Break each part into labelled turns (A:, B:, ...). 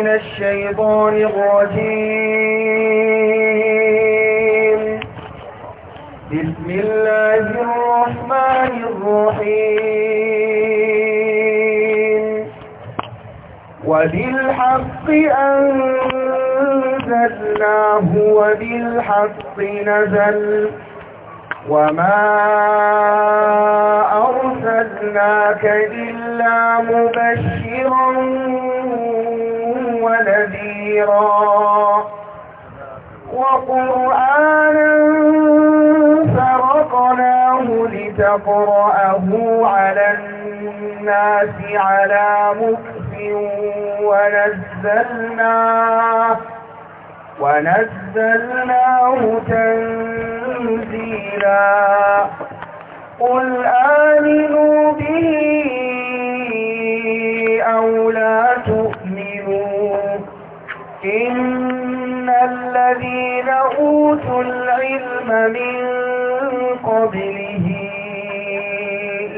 A: من الشيطان الرجيم بسم الله الرحمن الرحيم وبالحق أنزلناه وبالحق نزل وما أرسلناك إلا مبشرا ونذيرا وقرآنا فرقناه لتقرأه على الناس على مكف ونزلناه ونزلناه تنزيلا قل آمنوا به أو لا إن الذين أوتوا العلم من قبله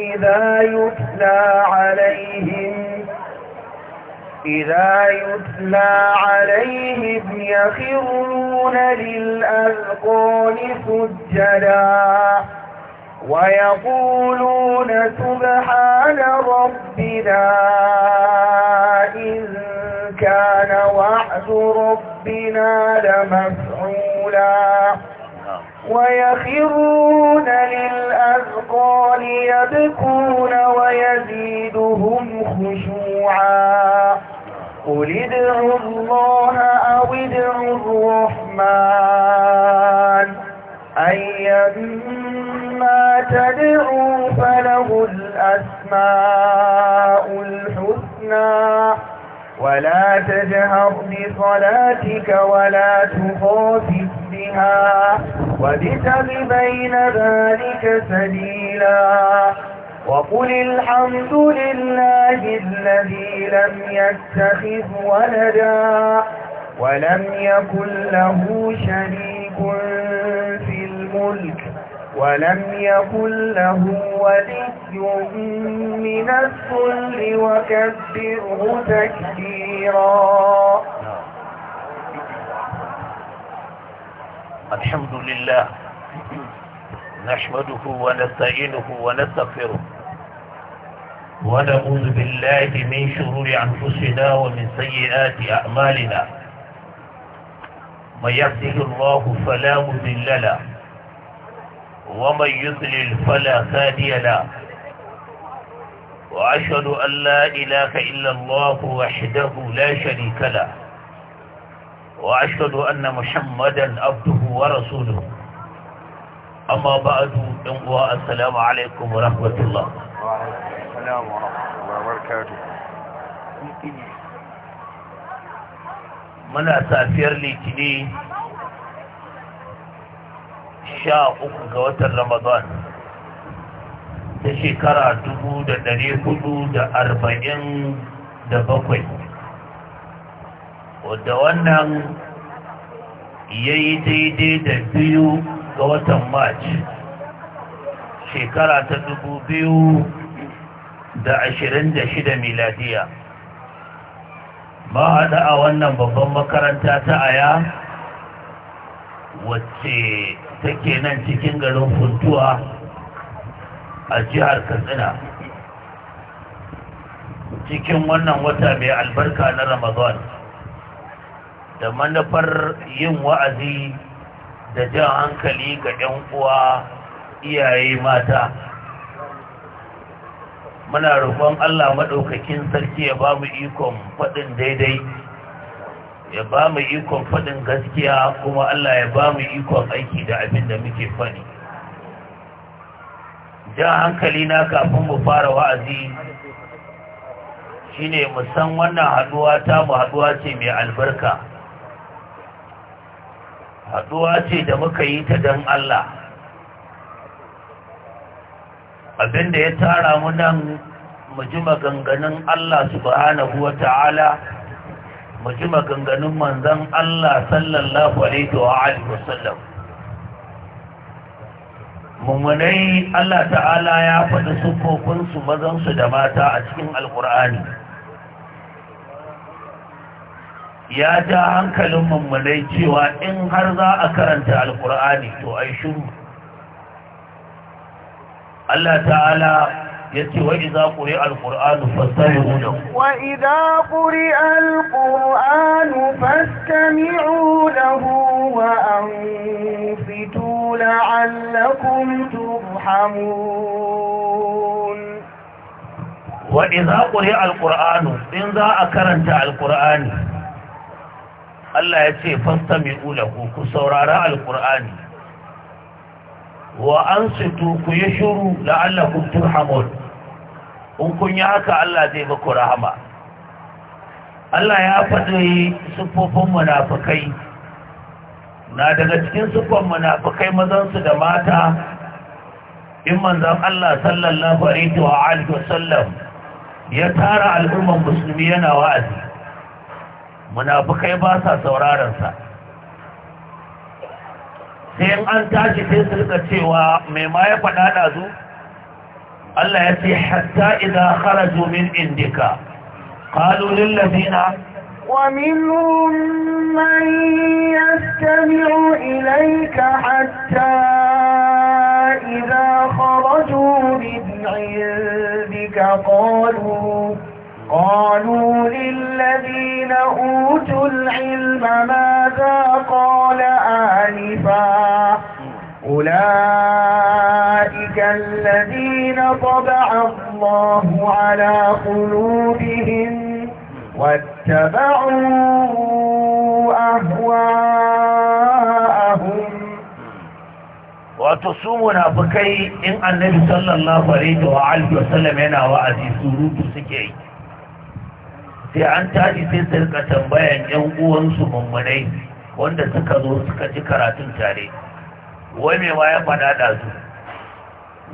A: إذا يتلى عليهم إذا يتلى عليهم يخرون للأذقان سجداً ويقولون سبحان ربنا إن كان وعد ربنا لمفعولا ويخرون للأذقان يبكون ويزيدهم خشوعا قل ادعوا الله أو ادعوا الرحمن أيما تدعوا فله الأسماء الحسنى ولا تجهر بصلاتك ولا تخافت بها وابتغ بين ذلك سبيلا وقل الحمد لله الذي لم يتخذ ولدا ولم يكن له شريك في الملك ولم يكن له ولي من الذل وكبره تكبيرا
B: الحمد لله نحمده ونستعينه ونستغفره ونعوذ بالله من شرور أنفسنا ومن سيئات أعمالنا من يهده الله فلا مضل له ومن يضلل فلا هادي له وأشهد أن لا إله إلا الله وحده لا شريك له وأشهد أن محمدا عبده ورسوله أما بعد السلام عليكم ورحمة الله وعليكم السلام ورحمة الله وبركاته muna safiyar litini sha uku ga watan ramadan ta shekara dubu da ɗari hudu da arba'in da bakwai wadda wannan ya yi daidai da biyu ga watan march shekara ta dubu biyu da ashirin da shida miladiya ba haɗa a wannan babban makaranta ta aya wacce take nan cikin garin funtuwa a jihar katsina cikin wannan wata mai albarka na ramadan da manufar yin wa'azi da jan hankali ga 'yan uwa iyaye mata muna roƙon allah maɗaukakin sarki ya ba mu ikon faɗin daidai ya ba mu ikon faɗin gaskiya kuma Allah ya ba mu ikon aiki da abin da muke faɗi jan hankali na kafin mu fara wa'azi shine mu san wannan haɗuwa ta mu haɗuwa ce mai albarka haɗuwa ce da muka yi ta don Allah abin da ya tara mu nan mu ji maganganun Allah subhanahu wa ta'ala mu ji maganganun manzan Allah sallallahu alaihi wa alihi wasallam mummunai Allah ta'ala ya faɗi sufofinsu mazansu da mata a cikin alkur'ani ya ja hankalin mummunai cewa in har za a karanta alkur'ani to ai shuru Allah ta'ala yace wa idza quri'a alqur'anu fastami'u lahu
A: wa idza quri'a alqur'anu fastami'u lahu wa anfitu la'allakum turhamun
B: wa idza quri'a alqur'anu in za a karanta alqur'ani Allah ya ce fastami'u lahu ku saurara alqur'ani wa an situ ku yi shuru la'allakum turhamun in kun yi haka Allah zai muku rahama Allah ya faɗi siffofin munafukai na daga cikin siffon munafukai mazansu da mata in manzan Allah sallallahu alaihi wa alihi wasallam ya tara al'umman musulmi yana wa'azi munafukai ba sa sauraron sa sai an tashi sai su rika cewa mai ma ya faɗa da zu Allah ya ce hatta idza kharaju min indika qalu lil ladina
A: ومنهم من يستمع إليك حتى إذا خرجوا من عندك قالوا قالوا للذين أوتوا العلم ماذا قال آنفا أولئك الذين طبع الله على قلوبهم واتبعوا أهواءهم
B: وتصومنا بكي إن النبي صلى الله عليه وسلم هنا وعزي سورو تسكي sai an tashi sai su rika tambayan yan uwansu mummunai wanda suka zo suka ji karatun tare wai mai waya faɗa da su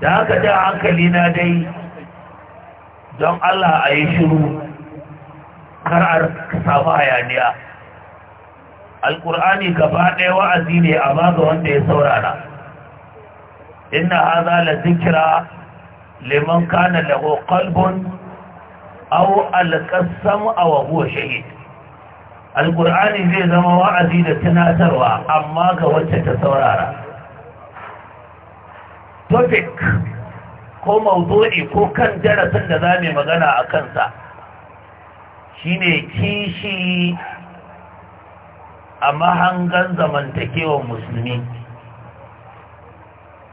A: da haka da hankali
B: na dai don Allah a yi shiru kar a samu hayaniya Alƙur'ani gaba ɗaya wa'azi ne a ga wanda ya saurara inna haza la zikira liman kana lahu qalbun aw alqasam aw huwa shahid Alƙur'ani zai zama wa'azi da tunatarwa amma ga wacce ta saurara topic ko mawdu'i ko kan darasin da za zamu magana a kansa shine kishi a mahangan zamantakewar musulmi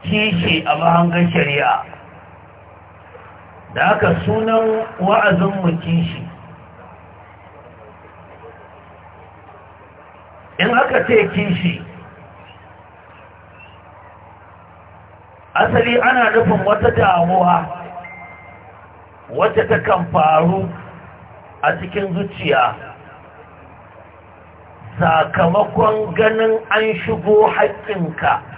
B: kishi a mahangan shari'a da aka sunan wa'azin mukin shi in aka ce kishi asali ana nufin wata damuwa wacce ta faru a cikin zuciya sakamakon ganin an shigo haƙƙinka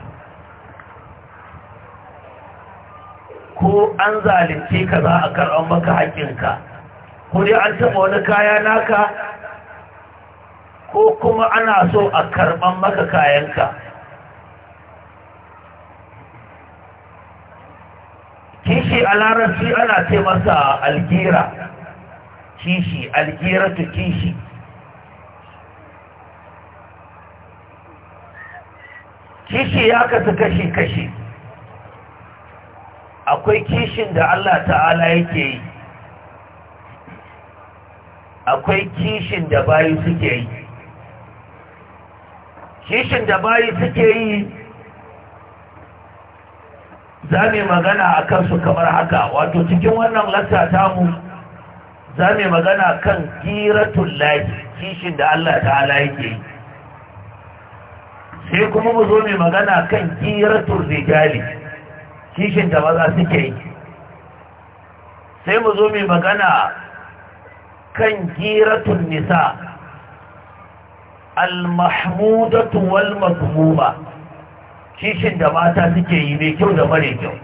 B: ko an zalunce ka za a karɓar maka haƙƙinka ko dai an taɓa wani kaya naka ko kuma ana so a karɓar maka kayanka
C: kishi a larabci ana ce masa
B: algira kishi algera ta kishi kishi ya kasu kashi-kashi akwai kishin da Allah ta'ala yake yi akwai kishin da bayi suke yi kishin da bayi suke yi za mu magana a kansu kamar haka wato cikin wannan lasta tamu za mu magana kan giratun laji kishin da Allah ta'ala yake yi sai kuma mu zo mai magana kan giratun rijali kishin da maza suke yi sai mu zo mai magana kan giratun nisa al-mahmudatu wal mazmuma kishin da mata suke yi mai kyau da mare kyau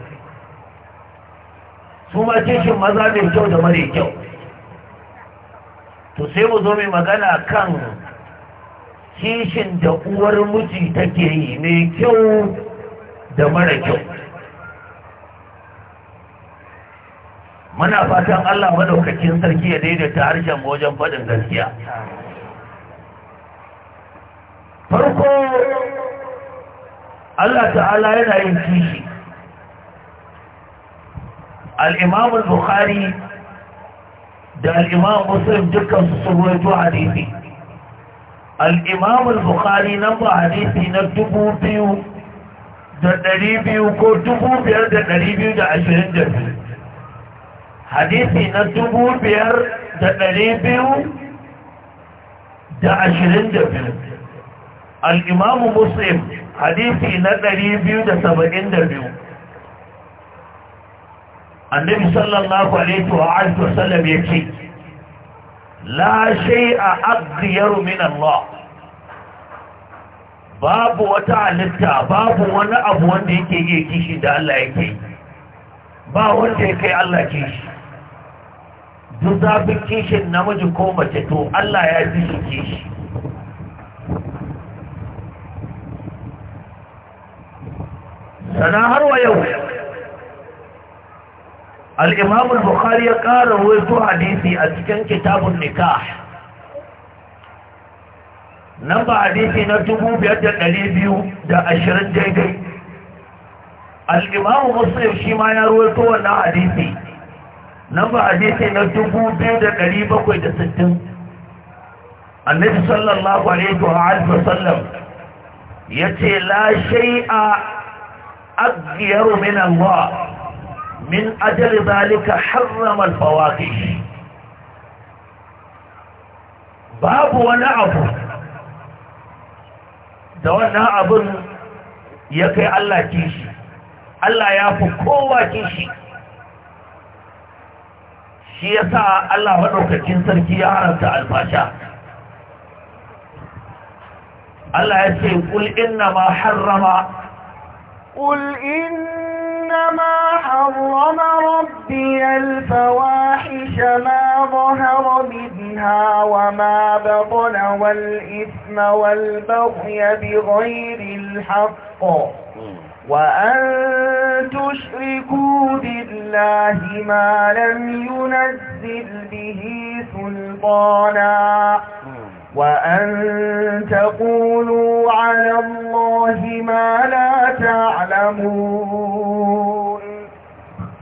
B: su ma kishin maza mai kyau da mare kyau to sai mu zo mai magana kan kishin da uwar miji take yi mai kyau da mara kyau muna fatan Allah madaukakin sarki ya daidaita harshen wajen faɗin gaskiya farko Allah ta'ala yana yin kishi al-imam al-bukhari da al-imam muslim dukkan su sun rawaito hadisi al-imam al-bukhari nan ba hadisi na dubu biyu da ɗari biyu ko dubu biyar da ɗari biyu da ashirin da biyu hadisi na dubu biyar da ɗari biyu da ashirin da biyu al'imamu muslim hadisi na ɗari biyu da saba'in da biyu annabi sallallahu alaihi wa alihi wasallam ya ce la a aqdiyaru min Allah babu wata halitta babu wani abu wanda yake yi kishi da Allah yake ba wanda ya kai Allah kishi duk zafin kishin namiji ko mace to Allah ya fi shi kishi sana har wa yau al al-bukhari ya ƙara wato hadisi a cikin kitabun nikah nan ba hadisi na da ashirin daidai al musulun shi ma ya rawaito wannan hadisi namba hadisi na dubu biyu da ɗari bakwai da sittin annabi sallallahu alaihi wa alihi wasallam ya ce la shai shay'a aghyaru min Allah min ajal zalika harrama al-fawaqish babu wani abu da wannan abun ya kai Allah kishi Allah ya fi kowa kishi shi ya sa Allah maɗaukakin sarki ya haramta alfasha Allah ya ce ƙul inna ma harrama
A: ƙul inna ma harrama rabbi alfawahisha ma ظهر منها وما بطن والإثم والبغي بغير الحق وأن تشركوا بالله ما لم ينزل به سلطانا وأن تقولوا على الله ما لا تعلمون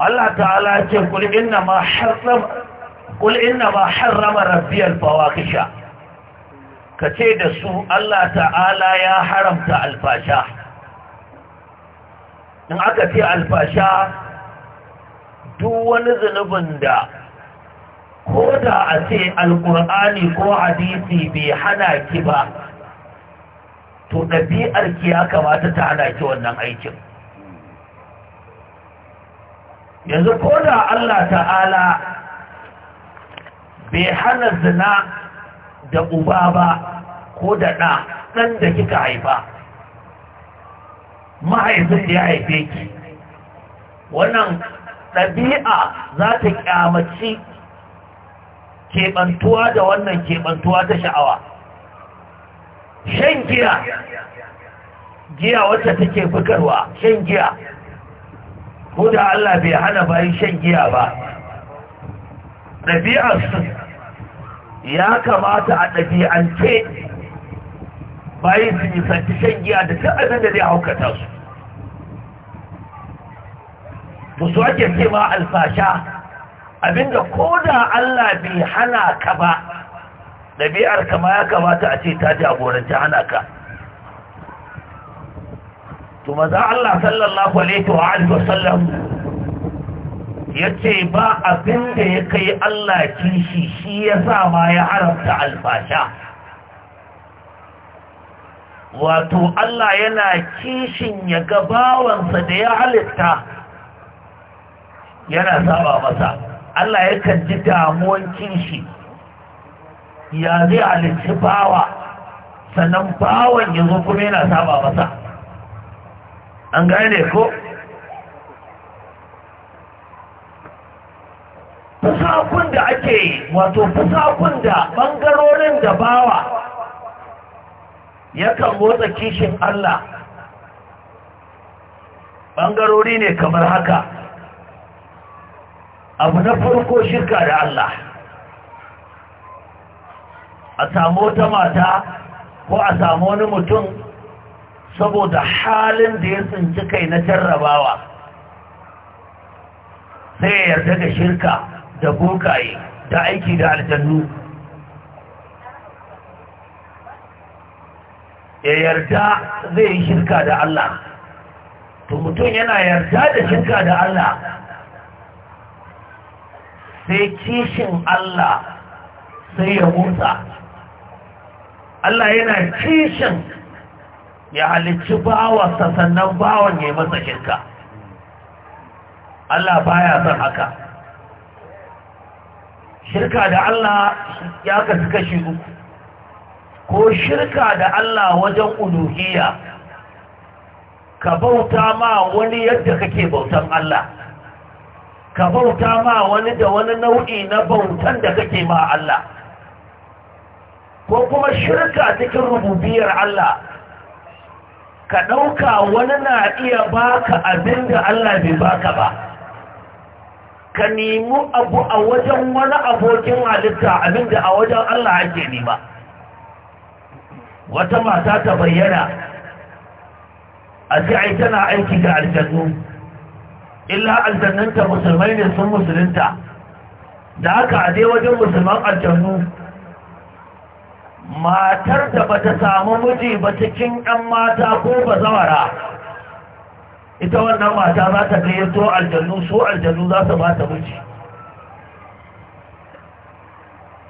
B: الله تعالى يقول إنما حرم قل إنما حرم ربي الفواحش كتيد السوء الله تعالى يا حرمت الفاشاة in aka ce alfasha duk wani zunubin da ko da a ce alkur'ani ko hadisi bai hana ki ba to ɗabi'ar ki ya kamata ta hana ki wannan aikin yanzu ko da Allah ta'ala bai hana zina da uba ba ko da ɗa ɗan da kika haifa mahaifin da ya haife ki wannan ɗabi'a za ta ƙyamaci keɓantuwa da wannan keɓantuwa ta sha'awa shan giya giya wacce take fikarwa shan giya ko da Allah bai hana bayan shan giya ba su ya kamata a ɗabi'ance bayan su nisanci shan giya da ta abin da zai haukata su musu ake ba alfasha abinda ko da Allah bai hana ka ba ɗabi'ar kama ya kamata a ce ta jagoranci hana ka to maza Allah sallallahu alaihi wa sallam, ya ce ba abinda ya kai Allah kishi shi ya sa ma ya haramta alfasha wato Allah yana kishin ya ga bawansa da ya halitta yana saba masa Allah ya ji damuwan kinshi, ya zai alici bawa sannan bawan ya zo kuma yana saba masa an gane ko fusakun da ake yi wato fusakun da ɓangarorin da bawa ya kan motsa kishin Allah ɓangarori ne kamar haka abu na farko shirka da Allah a samu wata mata ko a samu wani mutum saboda halin da ya tsinci kai na jarrabawa sai yarda da shirka da bokaye da aiki da aljannu ya yarda zai yi shirka da Allah to mutum yana yarda da shirka da Allah sai kishin Allah sai ya motsa Allah yana kishin ya halicci bawansa sannan bawan ya yi masa shirka Allah baya son haka shirka da Allah ya kasu kashi uku ko shirka da Allah wajen uluhiya. ka bauta ma wani yadda kake bautan Allah ka bauta ma wani da wani nau'i na bautan da kake ma Allah ko kuma shirka cikin rububiyar Allah ka ɗauka wani na iya baka abin da Allah bai baka ba ka nemi abu a wajen wani abokin halitta abin da a wajen Allah ake nema wata mata ta bayyana a sai tana aiki ga aljannu illa aljannanta musulmai ne sun musulunta da haka a dai wajen musulman aljannu matar da ba ta samu miji ba cikin 'yan mata ko ba zawara ita wannan mata za ta gayyato aljannu su aljannu za su ba ta miji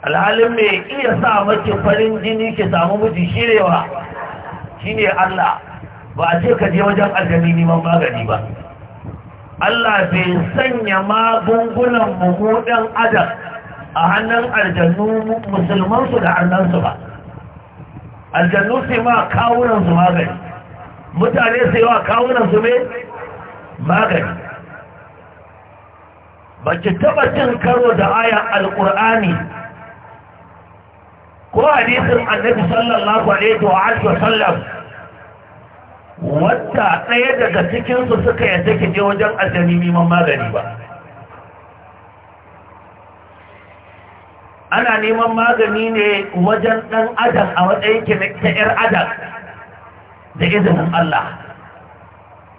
B: alhalin mai iya sa maki farin jini ke samu miji shirewa shi ne allah ba a ce ka je wajen aljannu neman magani ba Allah bai sanya magungunan mahudan adam a hannun aljannu musulmansu da annansu ba aljannu sai ma kawunansu magani mutane sai wa kawunansu mai magani ba ki taba cin karo da aya alkur'ani ko hadisin annabi sallallahu alaihi wa sallam wata ɗaya daga cikinsu suka yadda ki je wajen aljani neman magani ba ana neman magani ne wajen ɗan adam a matsayin ta 'yar adam da izinin Allah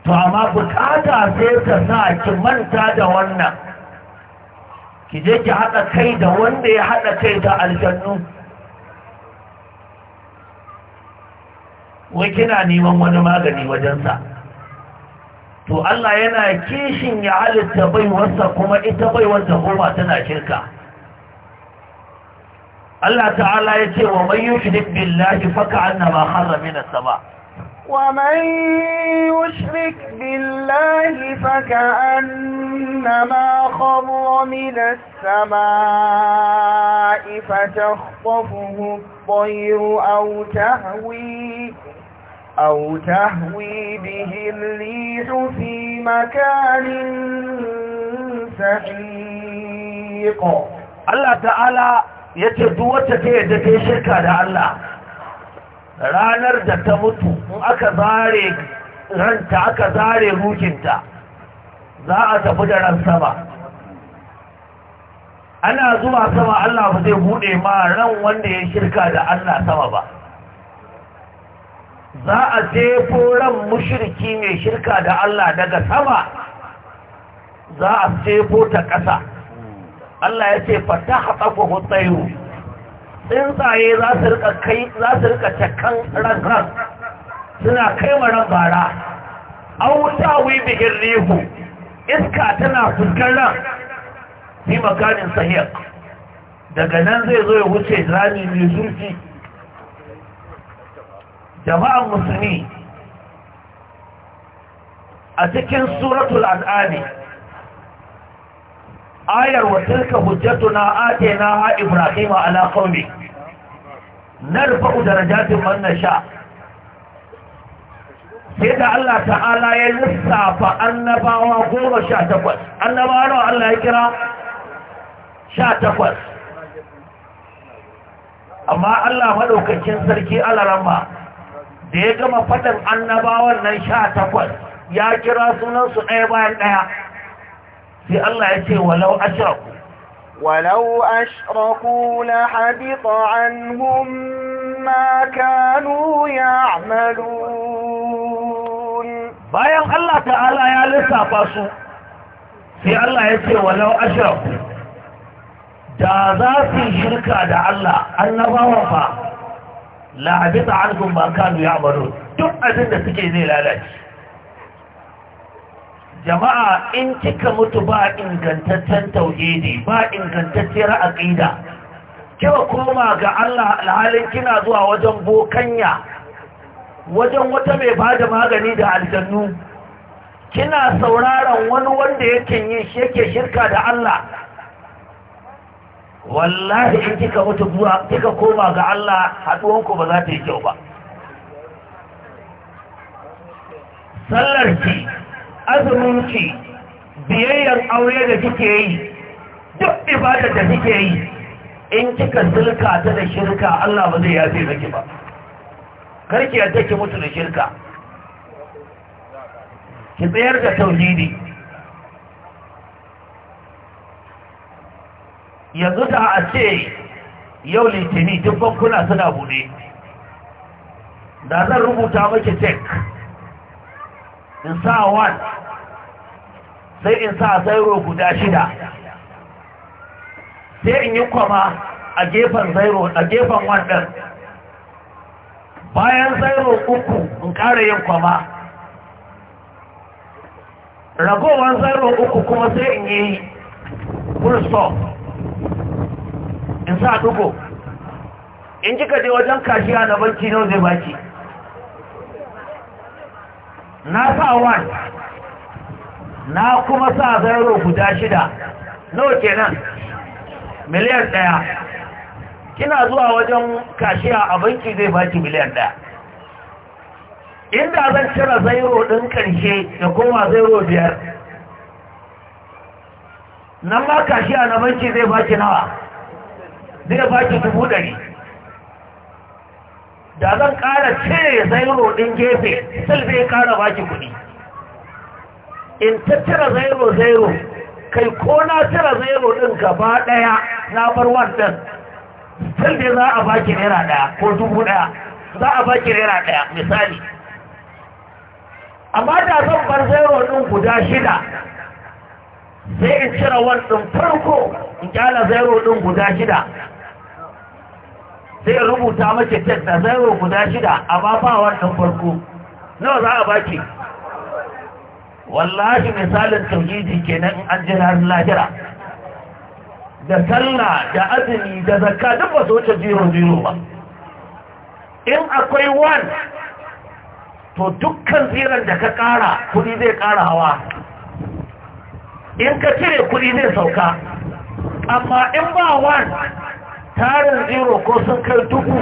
B: to amma bukata sai ka sa ki manta da wannan ki je ki haɗa kai da wanda ya haɗa kai ta aljannu wai kina neman wani magani wajensa to Allah yana kishin ya halitta baiwarsa kuma ita baiwar ta koma tana kirka. Allah ta'ala ya ce wa man yushrik billahi faka annama harra min as-sama
A: ومن يشرك بالله فكأنما ifa ta السماء فتخطفه الطير أو hawi. أو تهوي به الريح في مكان سحيق الله تعالى
B: يتدوت كيدا كيشكا الله ranar da ta mutu aka zare ranta aka zare hukinta za a tafi da ran sama ana zuwa sama Allah ba zai buɗe ma ran wanda ya shirka da Allah sama ba za a jefo ran mushriki mai shirka da Allah daga sama za a jefo ta ƙasa Allah ya ce fata haɗafa hutsayu tsuntsaye za su rika kai cakan ran ran suna kai ran bara auta wi bihin rihu iska tana fuskar ran fi makanin sahiya daga nan zai zo ya wuce rami mai zurfi jama'an musulmi a cikin suratul al'adi ayar na hujjatuna na ha ibrahim na qaumi narfa'u jatin wannan sha. sai da Allah ta'ala ya lissafa annabawa goma sha takwas annabawa nawa Allah ya kira sha takwas amma Allah maɗaukacin sarki alarama ديغما فتن انبا ونشا تفر يا
A: كرا سنس ايبا انيا في الله يسي ولو اشركوا ولو اشركوا لحبط عنهم ما كانوا يعملون بايا الله تعالى يا لسا
B: باسو في الله يسي ولو اشركوا دازا في شركة دا الله النبا وفا la'abita anhum ma kanu ya'malun duk abin da suke zai lalace jama'a in kika mutu ba ingantaccen tauhidi ba ingantacciyar aqida kika koma ga Allah alhalin kina zuwa wajen bokanya wajen wata mai bada magani da aljannu kina sauraron wani wanda yake yin shirka da Allah wallahi in kika mutu zuwa kika koma ga Allah haduwanku ba za ta yi kyau ba azumin azuminki biyayyar aure da kike yi duk ibada da kike yi in kika zulka ta da shirka Allah ba zai yafe miki ba karki yadda ki mutu da shirka ki tsayar da tauhidi yanzu da a ce yau litini duk bankuna suna bude da zan rubuta maki tek. in sa wan sai in sa zairo guda shida sai in yi kwama a gefen zairo a gefen wan bayan zairo uku in ƙara yin kwama ragowar zairo uku kuma sai in yi full stop in sa duko. in ka je wajen kashiya na banki nawa zai baki na sa wani. na kuma sa zaro guda shida nawa kenan miliyan ɗaya kina zuwa wajen kashiya a banki zai baki miliyan ɗaya inda zan cire zairo ɗin ƙarshe da koma zairo biyar nan ma kashiya na banki zai baki nawa zai ba ki dubu ɗari da zan ƙara cire zairo ɗin gefe sil zai ƙara ba ki kuɗi in tattara zairo zairo kai ko na cire zairo ɗin gaba ɗaya na bar wannan sil dai za a ba ki naira ɗaya ko dubu ɗaya za a ba ki naira ɗaya misali amma da zan bar zairo ɗin guda shida sai in cire wannan farko in kyala zairo ɗin guda shida sai rubuta mace tek na zaro guda shida a ba wannan farko nawa za a baki wallahi misalin tauhidi kenan in an jira lahira da sallah da azumi da zakka duk ba su wuce zero zero ba in akwai Wan, to dukkan ziran da ka kara kudi zai kara hawa in ka cire kudi zai sauka amma in ba one tarin zero ko sun kai duku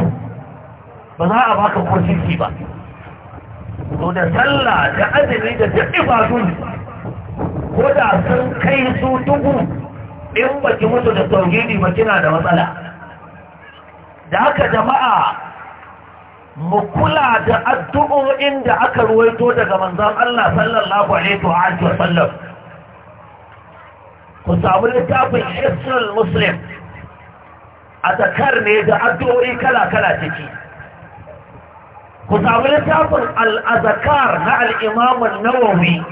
B: ba za a baka kurciki ba to da sallah da azumi da duk ibadun ko da sun kai su duku in baki mutu da tauhidi ba kina da matsala da haka jama'a mu kula da addu'o'in da aka ruwaito daga manzon Allah sallallahu alaihi wa sallam ku samu littafin Hisnul Muslim أذكر نيجا أدوئي كلا كلا جيكي كنت أقول لكم الأذكار مع الإمام النووي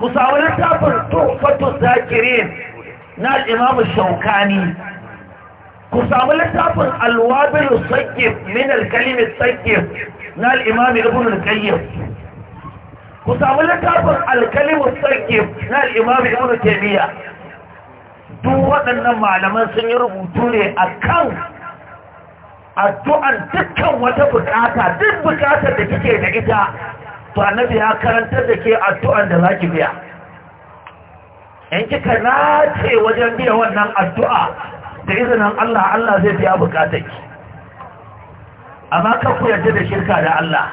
B: كنت أقول لكم تحفة الذاكرين مع الإمام الشوكاني كنت أقول لكم الوابل الصيف من الكلمة الصيف مع الإمام ابن القيم كنت أقول لكم الكلمة الصيف مع الإمام ابن تيمية duk waɗannan malaman sun yi rubutu ne a kan addu'an dukkan wata bukata duk bukatar da kike da ita to na ya karantar da ke addu'an da za ki biya in kika nace wajen biya wannan addu'a da izinin Allah Allah zai biya bukatar ki amma kan ku yarda da shirka da Allah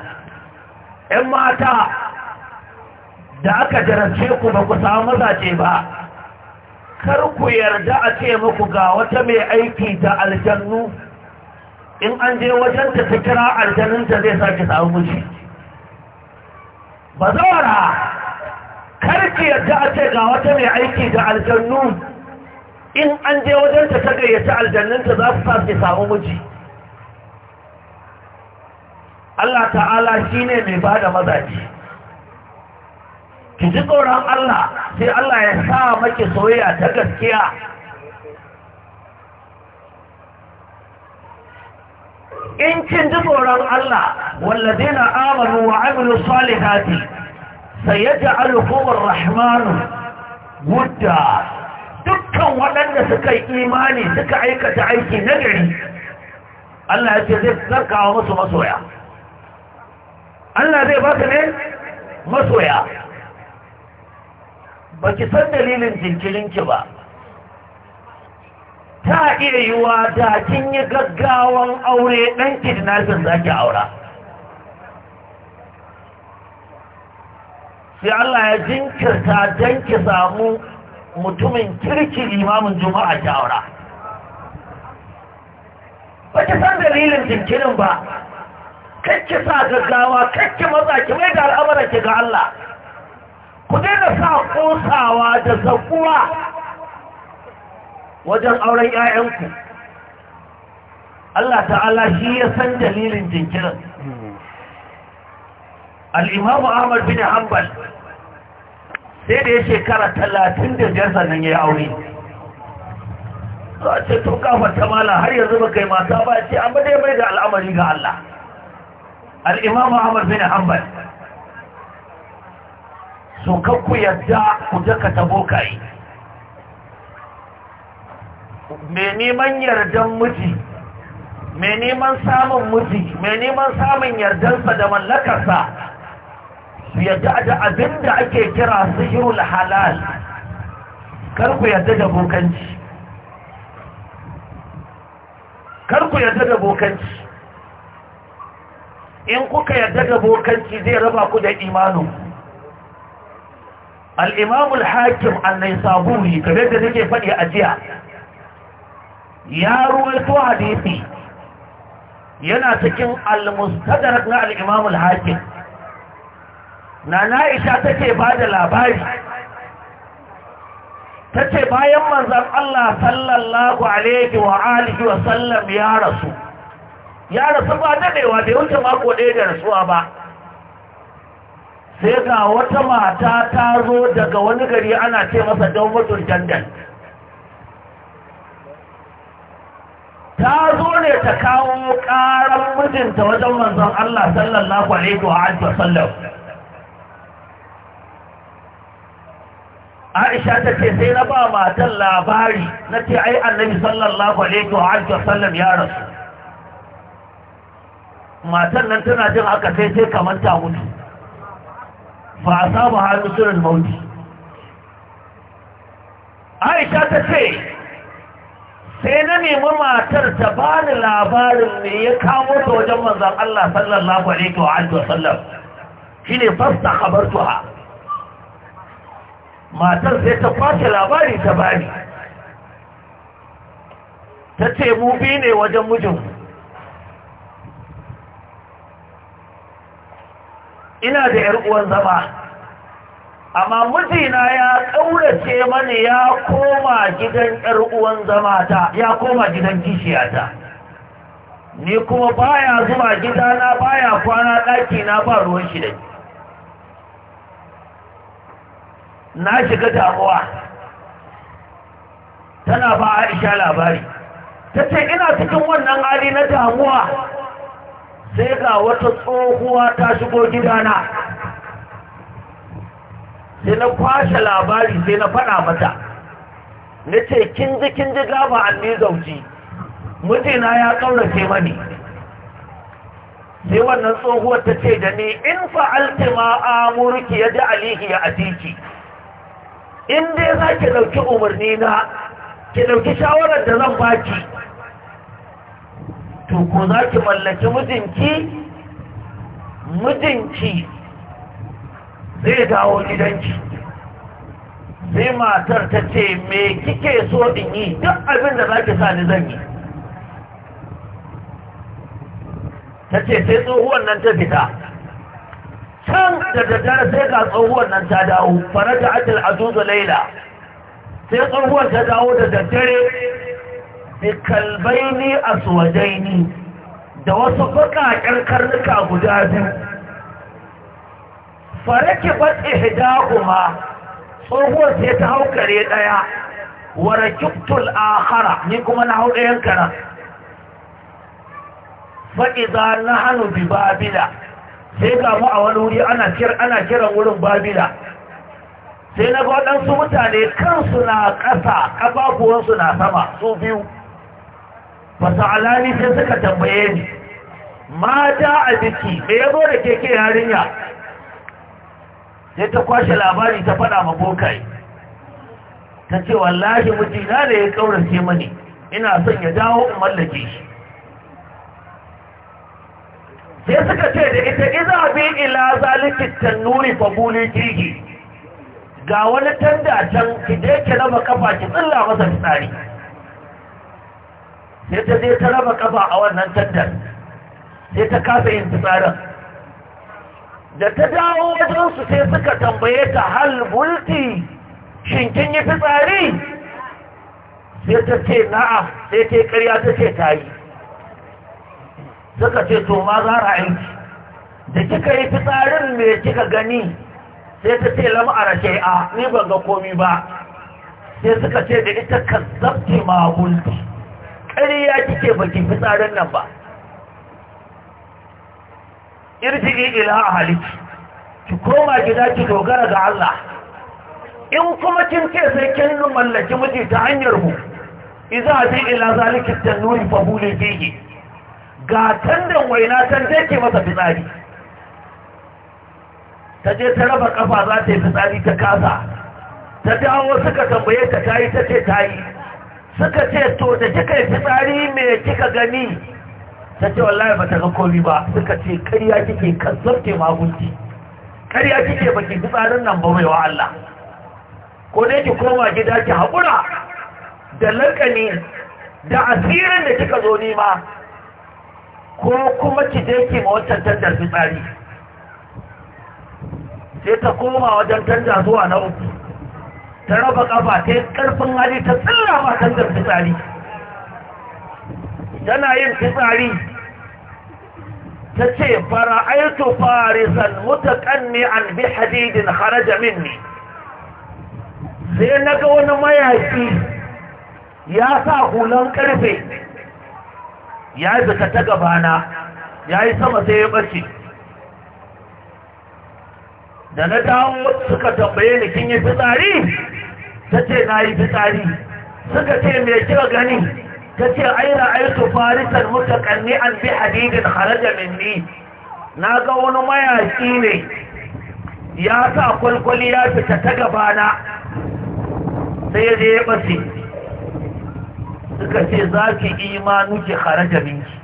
B: ‘yan mata da aka jarabce ku ba ku samu mazaje ba’ kar ku yarda a ce muku ga wata mai aiki da aljannu in an je wajen ta ta kira aljaninta zai sake samu miji ba zaura kar ki yarda a ce ga wata mai aiki da aljannu in an je wajen ta ta gayyata za su sake samu miji Allah ta'ala shi ne mai bada mazaji ki ji tsoron Allah sai Allah ya sa maki soyayya ta gaskiya in kin ji tsoron Allah wallazina amanu wa amilu salihati sayaj'alukum ar-rahmanu wudda dukkan waɗanda suka yi imani suka aikata aiki nagari Allah ya ce zai zarkawa musu masoya Allah zai baka ne masoya ba ki san dalilin jinkirinki ba ta iya yiwa da kin yi gaggawan aure ɗan kidnapping za ki aura sai Allah ya jinkirta don ki samu mutumin kirki limamin juma'a ki aura ba ki san dalilin jinkirin ba kakki sa gaggawa kakki matsa ki mai da al'amuran ki ga Allah ku daina sa kosawa da zakuwa wajen auren 'ya'yanku Allah ta'ala shi ya san dalilin jinkirin al'imamu ahmad bin hanbal sai da ya shekara talatin da biyar sannan ya yi aure a ce to kafar tamala har yanzu ba kai mata ba ce an dai mai da al'amari ga Allah al'imamu ahmad bin hanbal Su ku yadda ku daka tabo kai mai neman yardan miji mai neman samun miji mai neman samun yardansa da mallakarsa su yadda da abin da ake kira sihirul halal kar ku yadda da bokanci kar ku yadda da bokanci in kuka yadda da bokanci zai raba ku da imanu. al'imamul hakim annai saburi kamar da nake faɗi a jiya ya ruwaito hadisi yana cikin al-mustadrak na al-imamul hakim na na'isha take ba da labari tace bayan manzan Allah sallallahu alaihi wa alihi wa sallam ya rasu ya rasu ba daɗewa da wuce mako ɗaya da rasuwa ba sai ga wata mata ta zo daga wani gari ana ce masa don mutum dandan ta zo ne ta kawo karan mijinta wajen manzon Allah sallallahu alaihi wa wasallam Aisha ta ce sai na ba matan labari na ce ai annabi sallallahu alaihi wa wasallam ya rasu matan nan tana jin aka sai sai kamar ta mutu fa asabu musulun mawuti Aisha ta ce sai na nemi matar ta bani labarin ne ya kawo ta wajen manzan Allah sallallahu alaihi wa alihi wasallam ne fasta tuha. matar sai ta kwace labari ta bari. ta ce mu bi ne wajen mijinku ina da ‘yar uwan zama amma mijina ya ƙaurace mani ya koma gidan ‘yar uwan zama ta ya koma gidan kishiya ta. ni kuma baya zuwa gidana baya kwana ɗaki na ba ruwan shi da na shiga damuwa tana ba aisha labari ta ce ina cikin wannan hali na damuwa sai ga wata tsohuwa ta shigo gidana sai na kwashe labari sai na faɗa mata na ce kin ji kin ji gaba an ne zauci Mutina ya ƙaurace mani sai wannan tsohuwar ta ce da ni in fa'alti amurki ya ji alihi ya atiki in dai za ki ɗauki umarni na ki ɗauki shawarar da zan baki to ko za ki mallaki mijinki mijinki zai dawo gidanki sai matar ta ce me kike so in yi duk abin da za ki sa ni zan yi ta ce sai tsohuwan nan ta fita can da daddare sai ga tsohuwan nan ta dawo farata ajal azuzu laila sai tsohuwan ta dawo da daddare bikalbaini kalbaini aswadaini da wasu baƙaƙen karnuka guda biyu farake bat kuma tsohuwar sai ta hau kare ɗaya wa rakibtul akhara ni kuma na hau ɗayan kara fa idza nahnu bi babila sai ga mu a wani wuri ana kir ana kiran wurin babila sai na ga waɗansu mutane kansu na ƙasa ƙafafuwansu na sama su biyu alali sai suka tambaye ni mata a biki me yabo da keke yarinya sai ta kwashe labari ta fada ma bokai ta ce wallahi mijina da ya kaurace mani ina son ya dawo in mallake shi sai suka ce da ita iza bi ila zalikin tannuri fa kirki ga wani tanda can ki je ki raba kafa ki tsilla masa fitsari sai ta je ta raba kafa a wannan tattar sai ta kasa yin fitsarin da ta dawo wajensu sai suka tambaye ta hal bulti shin kin yi fitsari sai ta ce na'a sai ta yi karya ta ce ta yi suka ce to ma za a aiki da kika yi fitsarin me kika gani sai ta ce lam a ni ban ga komi ba sai suka ce da ita zafi ma bulti ƙarya kike baki fitsarin nan ba irjigi ila ahaliki ki koma gida ki dogara ga Allah in kuma kin ce sai kin mallaki miji ta hanyar mu idza bi ila zalika tanuri fa fihi ga tandan waina kan zai ke masa fitsari ta je ta raba kafa za ta yi fitsari ta kasa ta dawo suka tambaye ta tayi ta ce tayi suka ce to da kika yi fitsari mai kika gani ta ce wallahi ba ta ga komi ba suka ce karya kike kazzabte magunci karya kike ba ki fitsarin nan ba mai wa Allah ko dai ki koma gida ki haƙura da lankani da asirin da kika zo nema ko kuma ki je ki ma wancan tantar fitsari sai ta koma wajen tantar zuwa na uku ta raba ƙafa ta yi karfin hali ta ba kan kangar fitsari tana yin fitsari ta ce fara aito farisan ne an bi hadidin haraja ne. sai na ga wani mayaki ya sa hulan karfe ya yi ta gabana ya yi sama sai ya ɓace da na dawo suka tambaye ni kin yi fitsari ta ce na yi fitsari suka ce mai kira gani ta ce aina aitu farisan mutakanni an bi hadidin haraja minni na ga wani mayaƙi ne ya sa kwalkwali ya fita ta gabana sai ya je ya ɓace suka ce za ki imanu ki haraja minki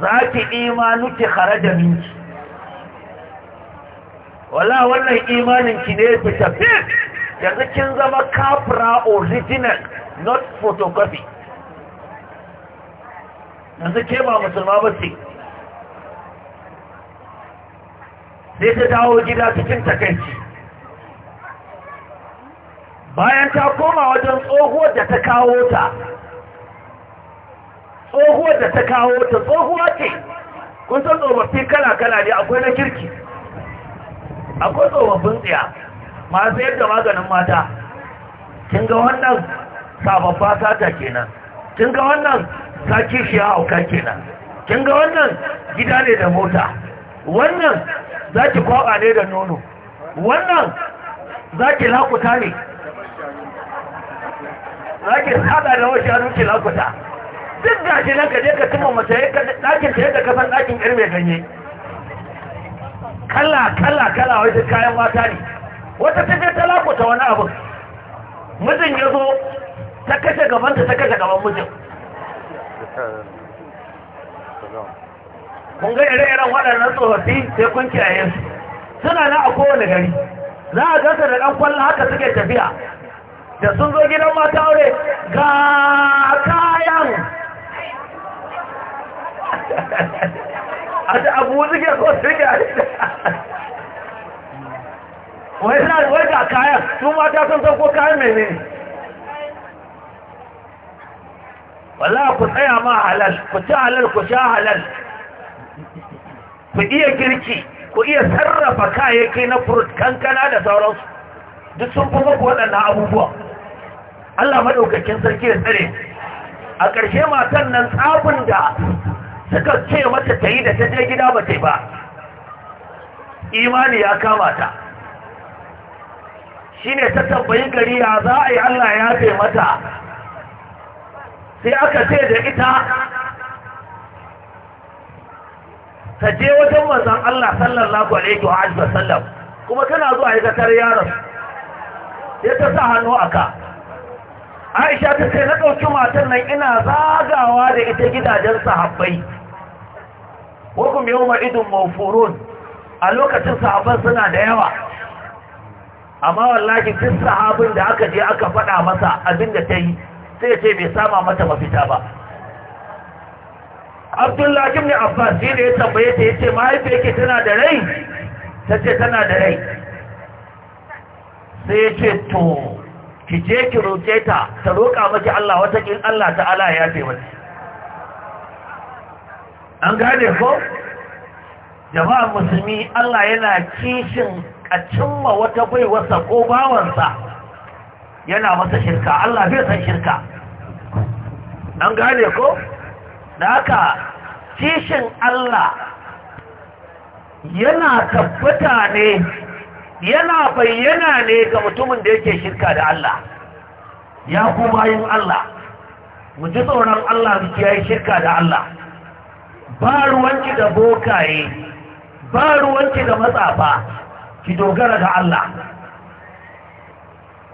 B: za ki imanu ki haraja minki wala wannan imanin ki ne fitafi yanzu kin zama kafira original not photocopy yanzu ke ba musulma ba ce sai ta dawo gida cikin takaici bayan ta koma wajen tsohuwar da ta kawo ta tsohuwar da ta kawo ta tsohuwa ce kun san tsofaffi kala-kala ne akwai na kirki akwai tsofaffin tsaya masu yadda maganin mata kin ga wannan sababba sata kenan kin ga wannan sake shi hauka kenan kin ga wannan gida ne da mota wannan za ki kwaba ne da nono wannan za ki lakuta ne
C: za ki sada da wasu yanu ki
B: lakuta duk da shi nan ka je ka cimma mace ɗakin ta yadda kasan ɗakin ƙirme ganye kala kala kala wajen kayan mata ne wata tafiya ta lakuta wani abu mijin ya zo ta kashe gabanta ta kashe gaban mijin kun ga ire-iren waɗannan tsofaffi sai kun kiyaye su suna na a kowane gari za a gasa da ɗan kwallon haka suke tafiya da sun zo gidan mata aure ga kayan a abu suke so su rike
C: wai na da su
B: mata sun sauko kayan mene wala ku tsaya ma halal ku ci halal ku sha halal ku iya girki ku iya sarrafa kayayyaki na furut kankana da sauransu duk sun fi maku waɗannan abubuwa Allah maɗaukakin sarki da tsare a ƙarshe matan nan tsafin da suka ce mata ta yi da ta je gida ba ta ba imani ya kama ta shi ne ta tabbayi gari ya za a yi Allah ya ce mata sai aka ce da ita ta je wajen wanzan Allah sallallahu alaihi wa sallam kuma tana zuwa ya ga ya ta sa hannu a ka aisha ta ce na ɗauki matan nan ina zagawa da ita gidajen sahabbai wakum yau ma'idun mafurun a lokacin sahabban suna da yawa amma wallahi duk sahabin da aka je aka faɗa masa abin da ta yi sai ce bai sama mata mafita ba abdullahi ne abbas shi ne ya tambaye ta ya ce mahaifiyar ke tana da rai ta ce tana da rai sai ya ce to ki je ki roƙe ta ta roƙa maki Allah watakin Allah ta'ala ya taimaki. an gane ko jama'a musulmi Allah yana kishin a cimma wata baiwarsa ko bawansa yana masa shirka Allah bai san shirka an gane ko da haka kishin Allah yana tabbata ne yana bayyana ne ga mutumin da yake shirka da Allah ya ku bayin Allah mu ji tsoron Allah biki yayi shirka da Allah ba ruwanki da bokaye ba ruwanki da matsafa ki dogara ga Allah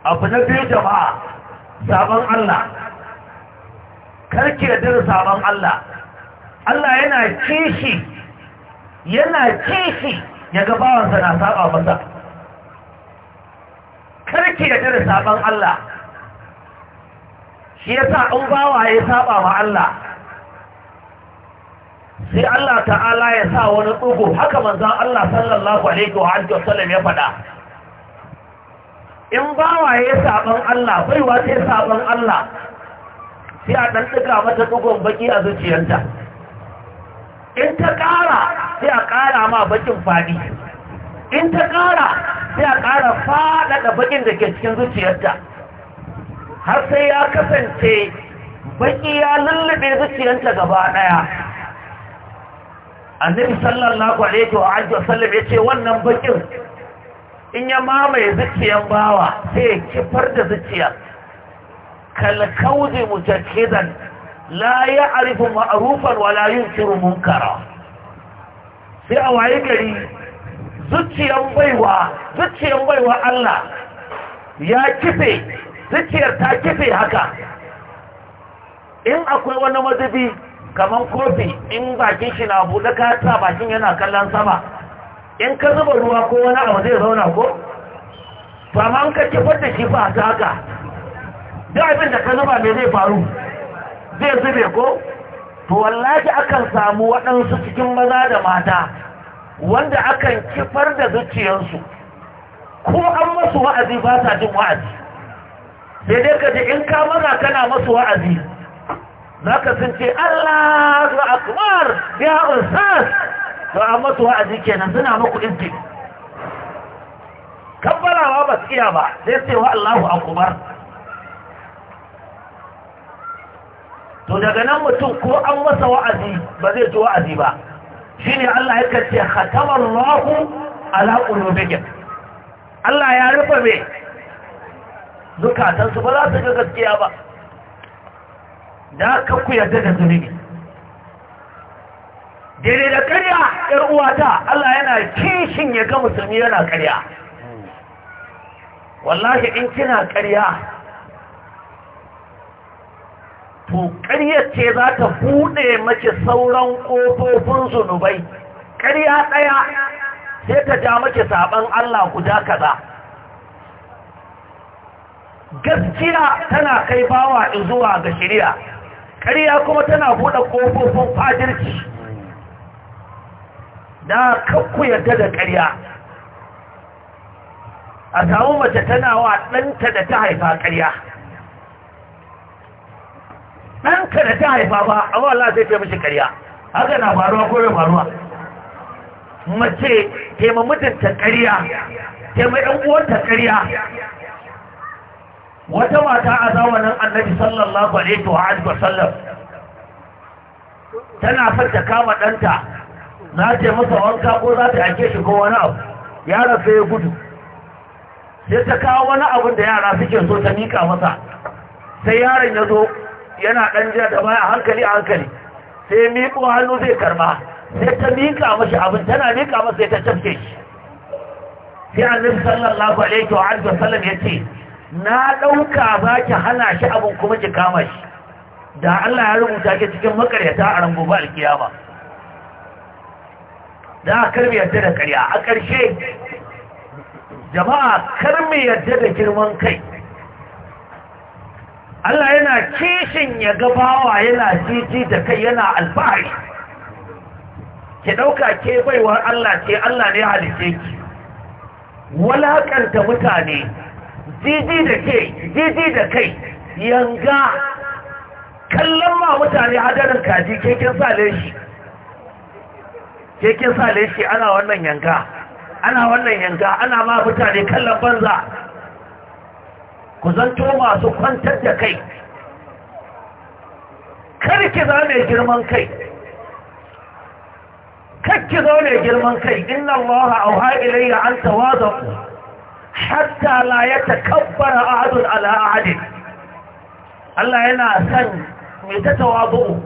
B: abu na biyu jama'a sabon Allah karki da dare sabon Allah Allah yana kishi yana kishi ya ga bawansa na saba masa karki da da saban Allah shi ya sa in bawa ya saba wa Allah sai Allah ta'ala ya sa wani ɗugu haka manzan Allah sallallahu alaihi wa alihi wasallam ya faɗa in bawa ya saban Allah baiwa sai saban Allah sai a ɗan ɗiga mata ɗugun baki a zuciyarta in ta ƙara sai a ƙara ma bakin faɗi in ta ƙara sai a ƙara faɗaɗa baƙin da ke cikin zuciyarta har sai ya kasance baƙi ya lullube zuciyarta gaba ɗaya annabi sallallahu alaihi wa ajiyar wasallam ya ce wannan baƙin in ya mamaye zuciyar bawa sai ya kifar da zuciya kalkauzi mujakkidan la ya ma'rufan wa la yunkiru munkara sai a waye gari zuciyar baiwa zuciyar baiwa Allah ya kife zuciyar ta kife haka in akwai wani mazubi kamar kofi in bakin shi na buɗe ka sa bakin yana kallon sama in ka zuba ruwa ko wani abu zai zauna ko to amma an ka kifar da shi ba ta haka duk abin da ka zuba mai zai faru zai zube ko to wallahi akan samu waɗansu cikin maza da mata wanda akan kifar da zuciyarsu ko an masu wa'azi ba sa jin wa'azi sai dai ka ji in ka maza kana masu wa'azi za ka sun ce Allahu akwar ya ustaz to an masu wa'azi kenan suna muku inji kabbalawa ba su iya ba sai sai wa Allahu akwar to daga nan mutum ko an masa wa'azi ba zai ji wa'azi ba shine Allah ya kace khatamallahu ala qulubihim Allah ya rufe me zukatan su ba za su ga gaskiya ba da ka ku yarda da zunubi daidai da karya yar uwata Allah yana kishin ya ga musulmi yana karya wallahi in kina karya to ƙarya ce za ta buɗe mace sauran ƙofofin zunubai ƙarya ɗaya sai ta ja mace saɓan Allah guda kaza gaskiya tana kai bawa zuwa ga shirya ƙarya kuma tana buɗe ƙofofin fajirci na kakku yadda da ƙarya a samu mace tana wa ɗanta da ta haifa ƙarya ɗanka da ta haifa ba amma Allah sai ta mishi karya haka na faruwa ko bai faruwa mace taima mutunta ƙarya taima ɗan uwanta ƙarya wata mata a zamanin annabi sallallahu alaihi wa alihi wasallam tana son kama ɗanta na ce masa wanka ko za ta ake shi ko wani abu yaron sai ya gudu sai ta kawo wani abin da yara suke so ta miƙa masa sai yaron ya zo yana ɗan jiya da baya hankali a hankali sai miƙo hannu zai karba sai ta miƙa mashi abin tana miƙa masa sai ta tafke shi sai annabi sallallahu alaihi wa alihi wasallam ce. na ɗauka za ki hana shi abin kuma ki kama shi da Allah ya rubuta ki cikin makaryata a ran gobe alkiyama da kar yadda da ƙarya a ƙarshe jama'a kar yadda da girman kai Allah yana kishin ya gabawa yana jiji da kai yana alfahari ki ɗauka ke baiwar Allah ce Allah ne halice ki walakanta mutane jiji da ke jiji da kai yanga kallon ma mutane hadarin kaji keken sale shi keken sale shi ana wannan yanga ana wannan yanga ana ma mutane kallon banza ku zanto masu kwantar da kai karki za mai girman kai kakki zo mai girman kai inna Allah auha ilayya an ku. hatta la yatakabbara ahadun ala ahadin Allah yana san mai ta tawadu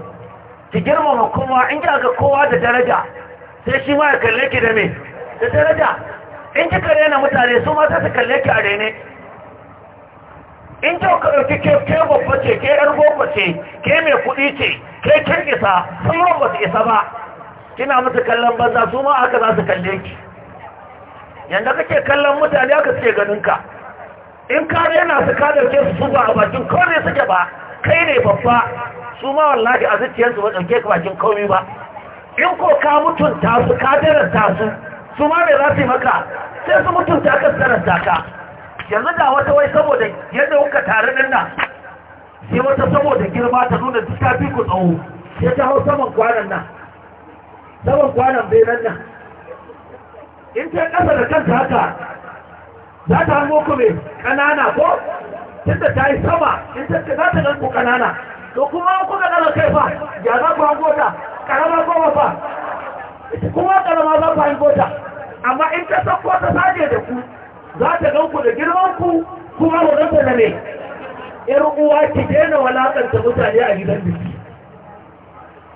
B: ki girmama kuma in kika ga kowa da daraja sai shi ma ya kalle ki da me da daraja in kika rena mutane su ma za su kalle ki a rene in kyau ka ɗauki ke babba ce ke yar goma ce ke mai kuɗi ce ke kin isa sauran ba su isa ba kina musu kallon banza su ma aka za su kalle ki yanda kake kallon mutane aka suke ganin ka in kare yana su ka ɗauke su ba a bakin kone suke ba kai ne babba su ma wallahi a zuciyarsu ba ɗauke ka bakin komi ba in ko ka mutunta su ka daranta su su ma me za su yi maka sai su mutunta ka daranta ka yanzu ga wata wai saboda yadda kuka tare din nan sai wata saboda girma ta nuna ta fi ku tsawo sai ta hau saman kwanan nan saman kwanan bai nan in ta kasa da kanta haka za ta hango ku mai ƙanana ko tunda ta yi sama in ta za ta gan ku ƙanana to kuma kuka ƙara kai fa ya za ku hango ta ƙarama goma fa kuma ƙarama za ku hango ta amma in ta sauko ta sage da ku za ta ganku da girmanku kuma wadanta da ne ‘yar uwa ki daina walakanta mutane a gidan biki